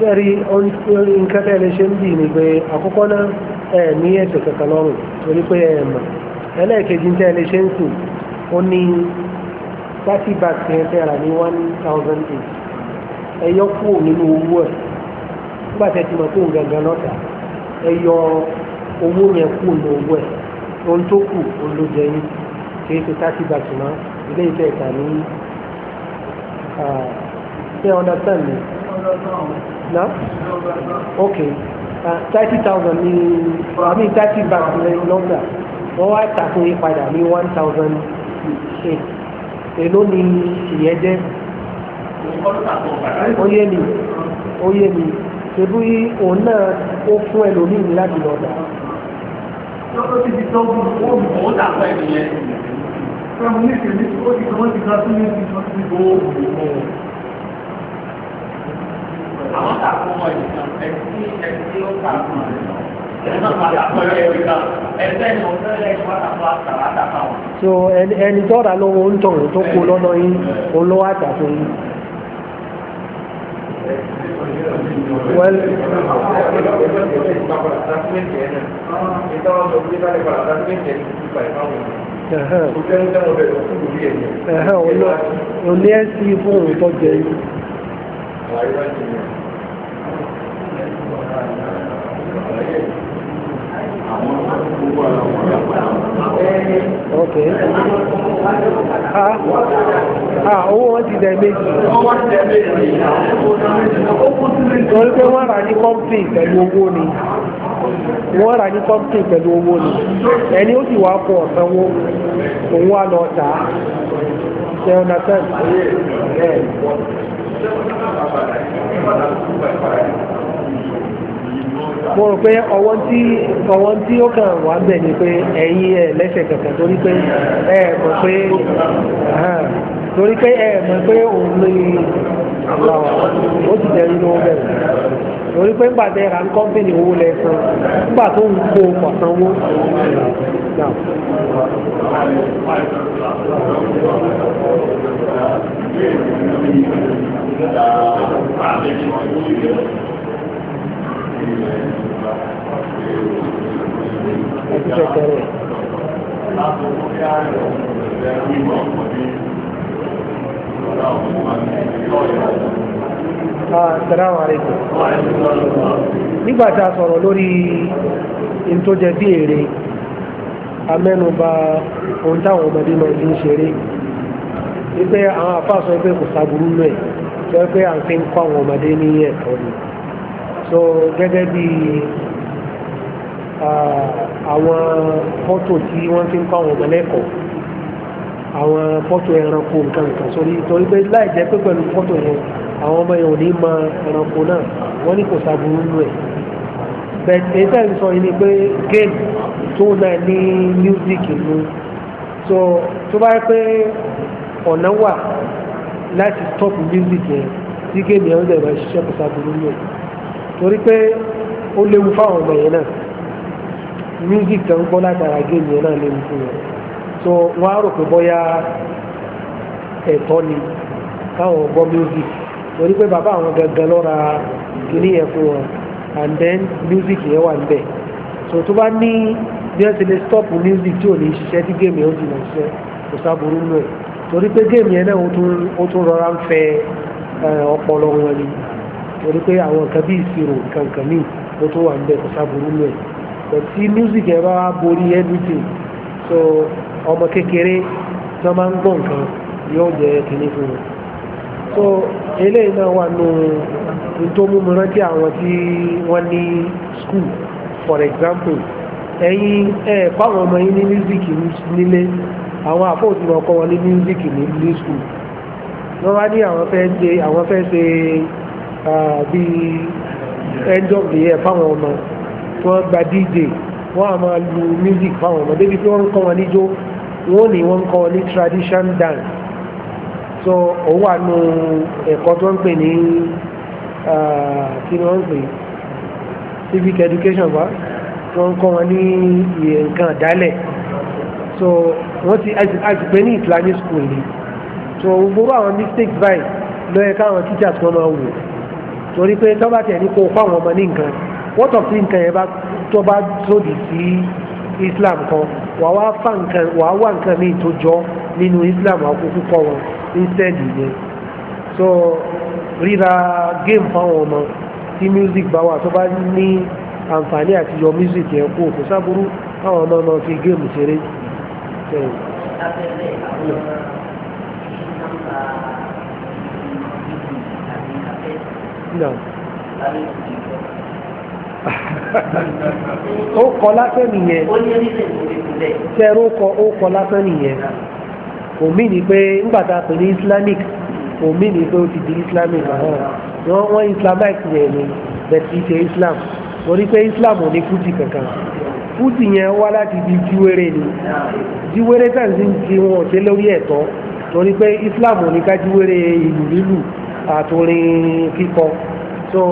sẹ́rí nǹkan tẹ́ lè ṣe ń bì ní pé àkọ́kọ́ náà ẹ ní ẹ̀sẹ̀ kankan lọ́rùn torí pé ẹ mọ̀ ẹlẹ́ẹ̀kejì tẹ́ lè ṣe ń sìn ó ní thirty bags yẹn tẹ́ rà ní one thousand eight ẹ kúrò nínú owó ẹ̀ nígbà tẹ́ ti mọ̀ pé òun gangan lọ́tà owó yẹn kúrò ṣe understand me. na ok uh, thirty thousand ní i mean thirty back ní lọ́gbà wọ́n wá tàkùn yí padà ní one thousand eight èló ni ìyẹn jẹ́ ó yé mi ó yé mi ṣèbú yí òun náà ó fún ẹlòmíì láti lọ́gbà lọ́dọ̀ ti di tó bù ó bù ó dàgbà ẹ̀yẹ. Fẹ́mi ní ìṣèlú ó ti sọ wọ́n ti gba sí ní ìṣòro ti bò ó àwọn kàkó mọ ìtàn ẹtí ẹtí ó kà mọ so ẹni tó ra lọ́wọ́ ń tàn tó kó lọ́nà yín olówó àtàkùn yín. Well, ẹ̀hẹ́n olóyè sí fún òun tó jẹ yín. Why are you writing here? owó wọn ti dẹ̀ méjì. Torí pé wọ́n rà ní kọ́mpìn pẹ̀lú owó ni. Wọ́n rà ní kọ́mpìn pẹ̀lú owó ni. Ẹni ó sì wá fún ọ̀sánwó, òun ọ̀nà mo rò pé ọwọ́ tí ọwọ́ tí ó kàn wá bẹ̀ ni pé ẹ̀yin ẹ̀ lẹ́sẹ̀ kankan torí pé ẹ mọ̀ pé torí pé ẹ mọ̀ pé òun lè lọ́wọ́ ó ti jẹ́ inú ọbẹ̀ torí pé ńgbà tẹ ra kọ́mpìnì owó lẹ san ńgbà tó ń kó pọ̀ sanwó. Thank Ah, Assalamu alaikum. Nígbà tá a sọ̀rọ̀ lórí ìtọ́jẹ bí èrè, amẹ́nuba ohun táwọn ọmọdé máa fi ń ṣeré. Wípé àwọn afáàsọ ẹgbẹ́ kò sáburú náà jẹ́ pé à ń fi ń kọ́ àwọn ọmọdé ní ẹ̀kọ́ ni so gẹ́gẹ́ bí àwọn fọ́tò tí wọ́n fi ń kọ́ àwọn ọmọ lẹ́kọ̀ọ́ àwọn fọ́tò ẹranko nǹkan nǹkan sórí torí pé láì jẹ́ pé pẹ̀lú fọ́tò yẹn àwọn ọmọ yẹn ò ní mọ ẹranko náà wọ́n ní kò sàbùrú nù ẹ̀ bẹ̀tẹ̀ tẹ̀ ń sọ yìí ni pé géèmù tó náà ní mísíkì nù so tó bá yẹ pé ọ̀nà wà láti stop music yẹn tí géèmì yẹn ó dẹ̀ máa ṣiṣẹ́ kó sábúrú yẹn torí pé ó léwu fáwọn ọmọ yẹn náà music tó ń gbọ́ látara géèmì yẹn náà léwu fún yẹn so wọ́n á rò pé bóyá ẹ̀tọ́ ni káwọn gbọ́ music torí pé bàbá àwọn gangan lọ́ra kìíní yẹn fún wọn and then music yẹn wà níbẹ̀ so tó bá ní bí wọ́n ti lè stop music tí ò ní ṣiṣẹ́ tí géèmì yẹn ó ti lọ ṣiṣẹ́ kò torí pé géèmù yẹn náà ó tún rọra ń fẹ ọpọlọ wọn ni torí pé àwọn nǹkan bí ìṣirò kankan míì ó tún wà sábúrú so ọmọ kékeré tí máa ń gbọ́ nǹkan yóò jẹ kínní fún wọn so eléyìí náà wà nù tó mú mi rántí àwọn tí ní school for example ẹ̀yin fáwọn àwọn àfóòtú wọn kọ́ wọn ní music ní ní school wọ́n wá ní àwọn fẹ́ ṣe àwọn fẹ́ ṣe bí end of the year fáwọn ọmọ tí wọ́n gba dj wọ́n á máa lu music fáwọn ọmọ débi pé wọ́n ń kọ́ wọn níjó wọ́n ní wọ́n ń kọ́ wọn ní tradition dance so òun wà nù ẹ̀kọ́ tó ń pè ní kí ni wọ́n ń pè civic education wa wọ́n ń kọ́ wọn ní nǹkan àdálẹ̀ so wọ́n ti àjùpẹ́ ní islamic school ni so gbogbo àwọn mistakes báyìí ló yẹ káwọn teachers wọn máa wò torí pé tó bá tẹ̀ ní kó kó àwọn ọmọ ní nǹkan wọ́n tọ̀ sí nǹkan yẹn tó bá tóbi sí islam kan wàá wá fa nǹkan wàá wá nǹkan míì tó jọ nínú islam àkókò kọ́ wọn instead yẹn so ríra game fáwọn ọmọ tí music bá wà tó bá ní àǹfààní àti yọ music yẹn kó kò sábúrú káwọn ọmọ ọmọ fi game ṣeré. lábẹ́rẹ́ àwọn nọ́mbà àbí abẹ́ lábẹ́ ìdìbò. ó nìyẹn nìyẹn eh? ni pé ńgbà pè ní islamic o ni pé o ti di islamic àwọn wọ́n islamite yẹn ni bẹ̀tì ṣe islam torí pé islam ò ní kùtì kankan. fúdì yẹn wá láti di jíwèrè ni jíwèrè tàǹsí ti wọn ṣe lórí ẹ̀tọ́ torí pé Islam ò ní ká jíwèrè ìlú lílù àtòrin kíkọ tó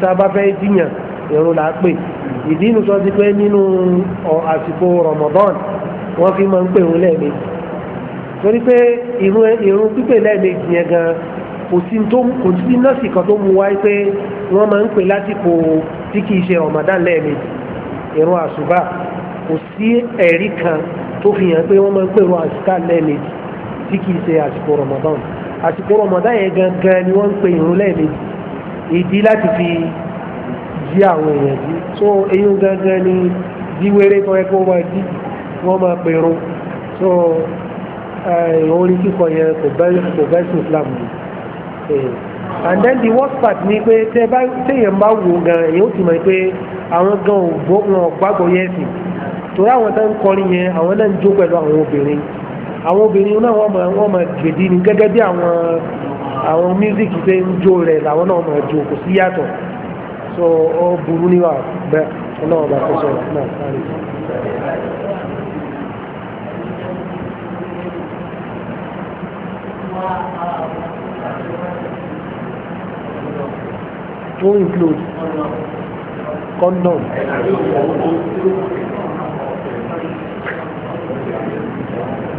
tá a bá fẹ́ jiyàn ìrun là á pè ìdí inú sọ ti pé nínú àsìkò Ramadan wọ́n fi máa ń pè òun lẹ́ẹ̀mejì torí pé ìrun pípè lẹ́ẹ̀mejì yẹn gan kò sí nọ́ọ̀sì kan tó mú wáyé pé wọ́n máa ń pè lásìkò tí kìí ṣe Ramadan lẹ́ẹ̀mejì ìrun àṣùbà kò sí ẹ̀rí kan tó fi hàn pé wọ́n máa ń pè ìrun àṣùbà lẹ́ẹ̀mejì tí kìí ṣe àsìkò Ramadan àsìkò Ramadan yẹn gangan ni wọ́n ń pè ìrun lẹ́ẹ̀mejì ìdí láti fi jí àwọn èèyàn jí so eyín gangan ni jíwéré tó yẹ kó wọ́n jí wọ́n máa pè ìrun so ìrun eh, orí kíkọ yẹn kò bá sí Islam ni eh, and then the worst part ni pé téèyàn bá wò gan èèyàn ó ti mọ̀ pé. àwọn gan wọn gbàgbọ́ yẹn sì torí àwọn tó ń kọrin yẹn àwọn náà ń jó pẹ̀lú àwọn obìnrin àwọn obìnrin náà wọ́n máa wọ́n máa gèdè ni gẹ́gẹ́ bí àwọn àwọn mísíkì ń jó rẹ̀ làwọn náà máa jó kò sí yàtọ̀ so burú náà include. kọ́ndọ̀m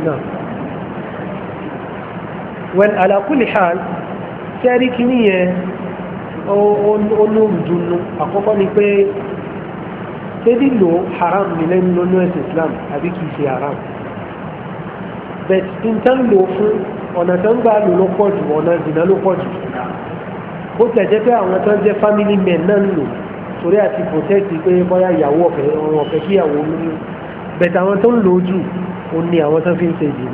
náà wẹ́n alákùlì hàn sẹ́rí kìíní yẹn ó lóòrù dunu àkọ́kọ́ ni pé ṣé lílo haram nílẹ̀ nínú ẹ̀sìn Islam àbí kìí ṣe haram bẹ́ẹ̀ tí n tán lò fún ọ̀nà tó ń gbà lò ló pọ̀ jù ọ̀nà ìdìnnà ló tẹ̀ jẹ́ pé àwọn tó jẹ́ family men náà lò torí àti protect pé bóyá ìyàwó ọ̀fẹ́ ọ̀rọ̀ ọ̀fẹ́ kí ìyàwó ní bẹ̀tẹ̀ àwọn tó ń lò jù ó ní àwọn tó fi ń ṣe jù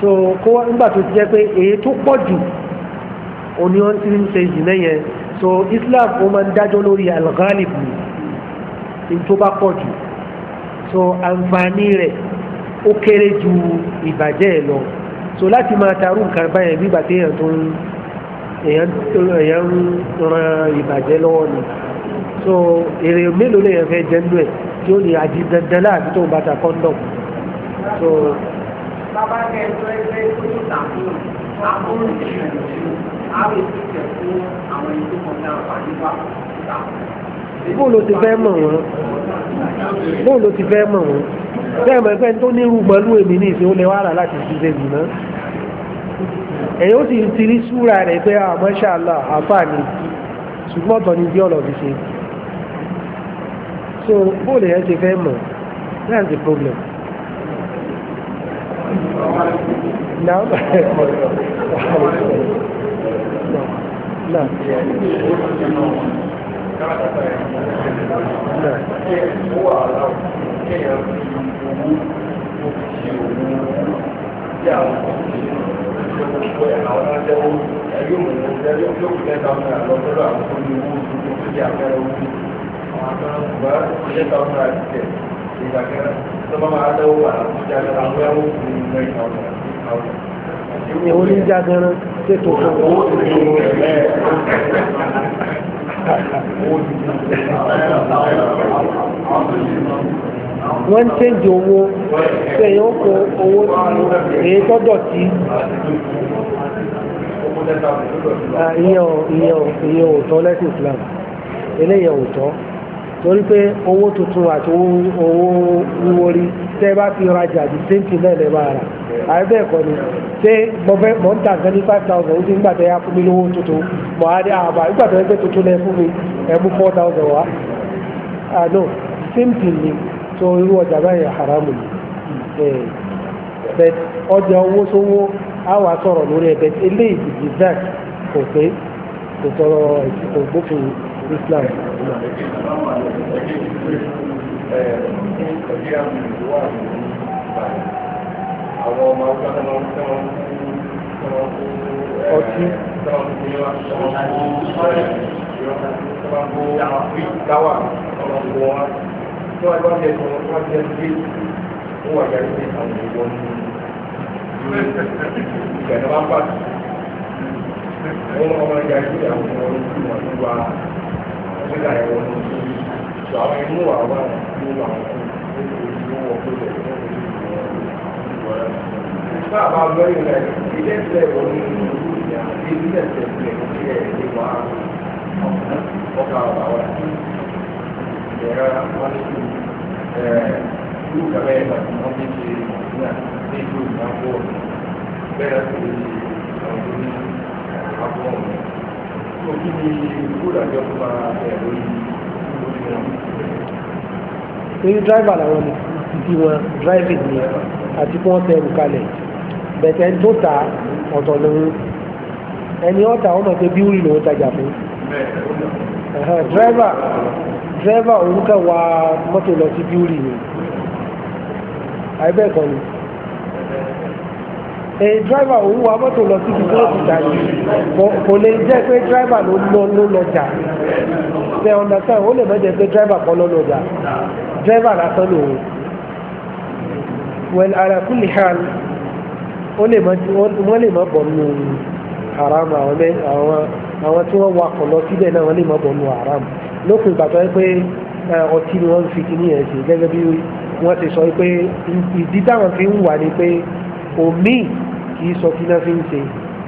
so kó wá nígbà tó ti jẹ́ pé èyí tó pọ̀ jù ó ní wọ́n ti ń ṣe jù yẹn so Islam ó máa ń dájọ́ lórí al-ghalib ní tó bá pọ̀ jù so àǹfààní rẹ̀ ó kéré ju ìbàjẹ́ ẹ̀ lọ so láti máa tarú nǹkan báyẹn bí bàtẹ́yàn tó ń èèyàn ran ìbàjẹ́ lọ́wọ́ ni so èrè mélòó lè yẹn fẹ́ jẹ́ nínú ẹ̀ tí ó ní àjí dandan láàbí tó ń bàtà kọ́ńdọ̀mù so. bàbá kẹ́ ẹ sọ ẹgbẹ́ tó ń tàkùn àkóhùn ìṣẹ̀lẹ̀ á lè fi tẹ̀ fún àwọn ìlú kan náà pàdé wà bóun ló ti fẹ́ mọ̀ wọ́n bóun ló ti fẹ́ mọ̀ wọ́n bẹ́ẹ̀ mọ̀ ẹgbẹ́ tó nírú gbọ́lú èmi ní ìfẹ́ ó lè wá rà láti ṣiṣẹ́ jù náà ẹ̀yìn ó sì ti rí súra rẹ̀ pé àmọ́ ṣáàlà àfààní ṣùgbọ́n ọ̀tọ̀ ni bí ọ̀rọ̀ fi ṣe so bóòlù yẹn ti fẹ́ mọ̀ that's the problem. now now Thank Èwo ní jágánná ṣé tuntun? Wọ́n ń tẹ́jì owó sẹ́yìn ó kó owó èyí tọ́jọ̀ sí. Ah, ìyẹn ò tọ́ lẹ́sìn Islam, eléyẹn ò tọ́. torí pé owó tuntun àti owó wíwó rí tẹ́ bá fi rajà di sẹ́ńtì náà lè máa rà àìbẹ́ẹ̀ kọ́ ni ṣé mo ń tà five thousand ó ti ń gbà tẹ́ yá fún mi lówó tuntun mo á dé àbá ah, ìgbà tó ẹgbẹ́ tuntun lẹ fún mi ẹ mú four thousand wá àná ah, sẹ́ńtì ni tó irú ọjà báyìí haramu ni bẹ́ẹ̀ ọjà owó sówó á wà sọ̀rọ̀ lórí ẹ̀ bẹ́ẹ̀ eléyìí dìgbì zack kò pé kò sọ̀rọ̀ kò gbófin yìí. Islam. ọtí nígbà yẹn wọ́n ti fi sọ àwọn inú wa wà nínú àwọn ìlú wọn tó lẹ̀ ní ọ̀rọ̀ nígbà bá lọ́yìn rẹ̀ ilé ìfẹ́ wọn ní ilé ìfẹ́ ìfẹ́ ìfẹ́ ìwà ọkà ọ̀bà wa ìyẹn wọn ti ìlú kàmẹ́ ìgbà tí wọ́n ti ṣe ìgbà ní ìlú ìgbà wọ́n bẹ́ẹ̀ láti ṣe àwọn ìlú ní àbúrò wọn òbí ni kúrò àjọ pa ẹ̀rọ yìí torí dráìvà làwọn ni ti wọn dráìvìn ni àti kí wọ́n tẹ ẹrù kalẹ̀ bẹ̀tẹ̀ tó ta ọ̀tọ̀ lòun ẹni ọ̀tà ọmọ pé bíúrì lòun tajà fún dráìvà dráìvà òun kàn wá lọ sí bíúrì ni àìbẹ́ẹ̀kọ́ ni èyí eh, driver òun wa mọ́tò lọ síbi tí ó ti jà yìí kò lè jẹ́ pé dráìvà ló lọ ló lọ jà ṣe understand ó lè má jẹ́ pé dráìvà kan ló lọ jà dráìvà lásán lòun wẹ̀l àràkùnlé hàn wọ́n lè má bọ̀ nù haram àwọn tí wọ́n wakọ̀ lọ síbẹ̀ náà wọ́n lè má bọ̀ nù haram lópin ìgbà tó yẹ pé eh, ọtí ni wọ́n fi kíní ẹ̀ ṣe gẹ́gẹ́ bí wọ́n ti sọ pé ìdí táwọn fi ń wà ni pé omi kìí sọtí náà fi ń ṣe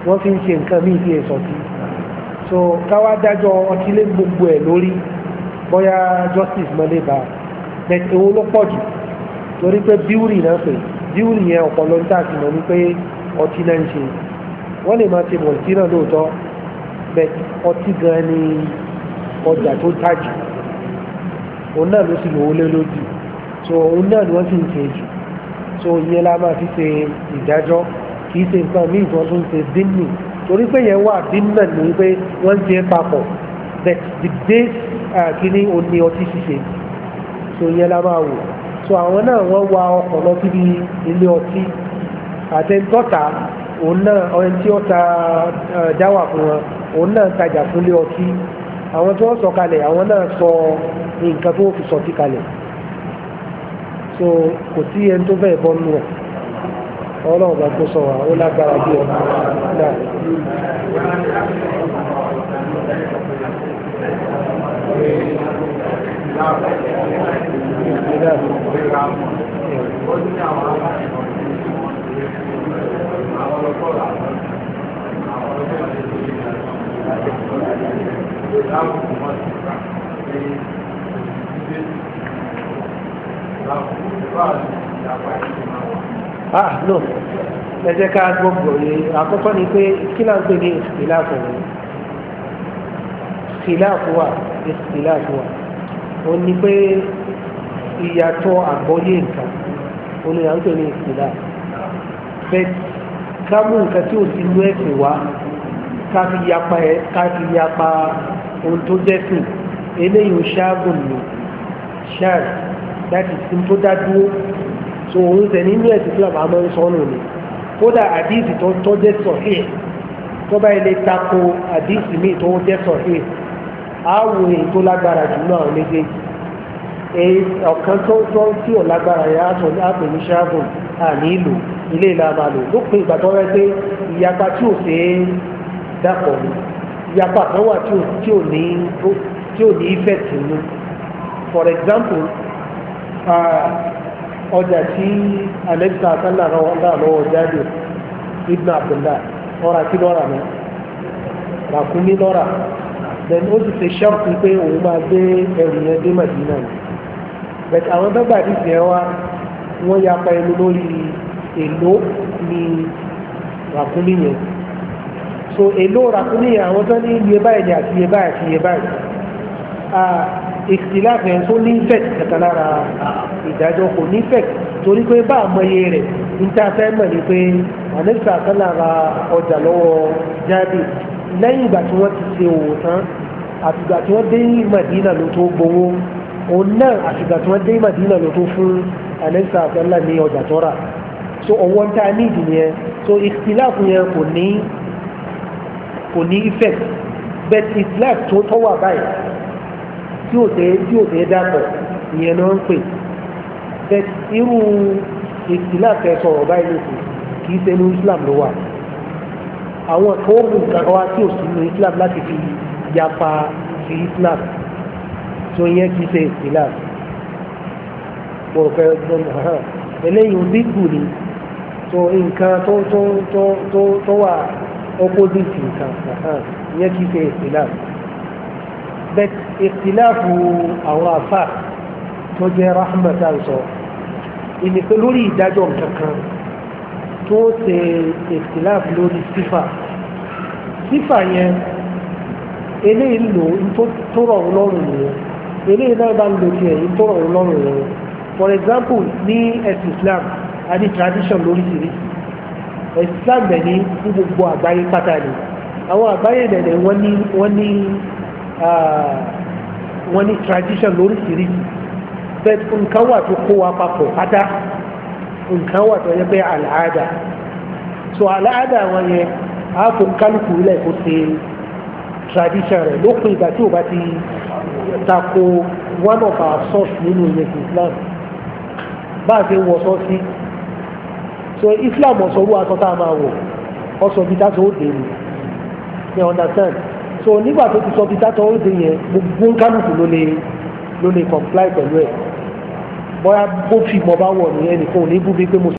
wọ́n fi ń ṣe nǹkan míì tí è sọtí so káwá dájọ́ ọtí lé gbogbo ẹ̀ lórí bóyá justice mọ́ lè bá a but èwo ló pọ̀ jù torí pé bíúrì náà pè bíúrì yẹn ọ̀pọ̀lọ́ ń tà sí mọ́ ní pé ọtí náà ń ṣe wọ́n lè máa ṣe mọ̀tí náà lóòótọ́ but ọtí gan ni ọjà tó tàjù òun náà ló sì lówó lé lójú so òun náà ni wọ́n sì ń ṣe jù so ìyẹn la máa fi ṣe ìdájọ́ kì í ṣe nǹkan míì tí wọ́n tún ṣe dínì torí pé yẹn wà dínà ní pé wọ́n ń ṣe papọ̀ but the days kìíní ò ní ọtí ṣíṣe so yẹn la máa wò so àwọn náà wọ́n wa ọkọ̀ lọ síbi ilé ọtí àtẹ̀ntọ́ta òun náà ọyẹn tí ó ta jáwà fún wọn òun náà tajà fún ilé ọtí àwọn tí wọ́n sọ kalẹ̀ àwọn náà sọ nǹkan tó fi sọtí kalẹ̀ so kò sí ẹni tó bẹ́ẹ̀ bọ́ nù ẹ̀ ọlọ́run bá kó sọ wà ó lágbára bí ọmọ náà. Thank you ah no ẹ jẹ́ ká gbọ́gbọ́ yìí àkọ́kọ́ ni pé kí là ń pè ní ìsìláàfù rẹ̀ ìsìláàfù wà ìsìláàfù wà ó ní pé ìyàtọ̀ àgbọ́yé nǹkan ó ní à ń pè ní ìsìláàfù bẹ́ẹ̀ ká mú nǹkan tí ò sí inú ẹ̀sìn wá ká yapa ẹ̀ ká yapa ohun tó jẹ́ sìn eléyìí ó ṣáàgùn lò ṣáàgùn láti sin dá dúró so òun tẹ̀ nínú ẹ̀sìn islam àmọ́ ń sọnù ni kódà àdíìsì tó tó jẹ́ sọ̀hí ẹ̀ tó bá ilé tako àdíìsì míì tó jẹ́ sọ̀hí ẹ̀ á wo èyí tó lágbára jù náà àwọn méjèèjì èyí ọ̀kan tó tó tí ò lágbára yẹn á sọ á pè ní ṣáàbùn àní ìlò ilé ìlà máa lò lópin ìgbà tó rẹ pé ìyapa tí ò ṣe é dàpọ̀ ni ìyapa kan wà tí ò ní ìfẹ́ tì ní for example. Uh, ọjà tí alẹ́gbẹ̀ta sálà lọ́wọ́ jáde ibn abdullah ọ̀rà kí lọ́ra mọ́ ràkúnmí lọ́ra then ó sì ṣe ṣọ́ọ̀kì pé òun máa gbé ẹrù yẹn dé màdínà ni but àwọn bẹ́gbà dìbò yẹn wá wọ́n ya pa ẹnu lórí èlò ní ràkúnmí yẹn so èlò ràkúnmí yẹn àwọn tó ní iye báyìí àti iye báyìí àti iye báyìí ah, ìtìláàfù yẹn tó ní fẹ̀ kankan lára ìdájọ́ kò ní fẹ̀ torí pé bá àmọye rẹ̀ níta fẹ́ mọ̀ ni pé àníṣà kan lára ọjà lọ́wọ́ jáde lẹ́yìn ìgbà tí wọ́n ti ṣe òwò tán àtìgbà tí wọ́n dé Madina ló tó gbowó òun náà àtìgbà tí wọ́n dé Madina ló tó fún àníṣà kan ní ọjà tó so ọwọ́ ń tá a ní ìdìyẹn so ìtìláàfù yẹn kò ní kò ní effect but ìtìláàfù tó tọ́wà báyìí tí ò tẹ́ tí ò tẹ́ dàpọ̀ ìyẹn náà ń pè bẹ́ẹ̀ irú ìtìlá fẹ́ sọ̀rọ̀ báyìí lóṣù ṣe ní Islam ló wà àwọn ẹ̀kọ́ òògùn kankan wá tí ò sí ní Islam láti fi yapa sí Islam tó yẹn kì í ṣe ìtìlá mo rò pé eléyìí bíbù ni tó nǹkan tó tó tó tó wà opposite nǹkan yẹn kì í ṣe ìtìlá bẹ́t ìtìláàfù àwọn afá tó jẹ́ rahmatan sọ ìnìpẹ́ lórí ìdájọ́ kankan tó ṣe ìtìláàfù lórí sífà sífà yẹn eléyìí lò tó rọ̀ lọ́rùn nìyẹn eléyìí náà bá ń lo tiẹ̀ tó rọ̀ lọ́rùn nìyẹn for example ní ẹ̀sìn Islam a ní tradition lórí ìrísí ẹ̀sìn Islam bẹ̀ ní gbogbo àgbáyé pátá ni àwọn àgbáyé dẹ̀dẹ̀ wọ́n ní Ah, wọ́n ní tradition lóríṣiríṣi bẹ́ẹ̀ nǹkan wà tó kó wa papọ̀ pátá nǹkan wà tó yẹ pé àlàáda so àlàáda wọn yẹn a kò kálukú lẹ̀ kó ṣe tradition rẹ̀ lópin ìgbà tí o bá ti tako one of our source nínú ìyẹ̀sìn Islam bá a ṣe wọ̀ sọ sí so Islam ọ̀sọ̀rú aṣọ a máa wọ̀ ọ̀sọ̀ bíi tá ó dé ni you understand so nígbà tó ti sọ ti dátọ̀ ó ti yẹn gbogbo kálukú ló lè ló lè comply pẹ̀lú ẹ̀ bóyá bó fi mọ̀ bá wọ̀ nìyẹn nìkan ò ní bú mi pé mo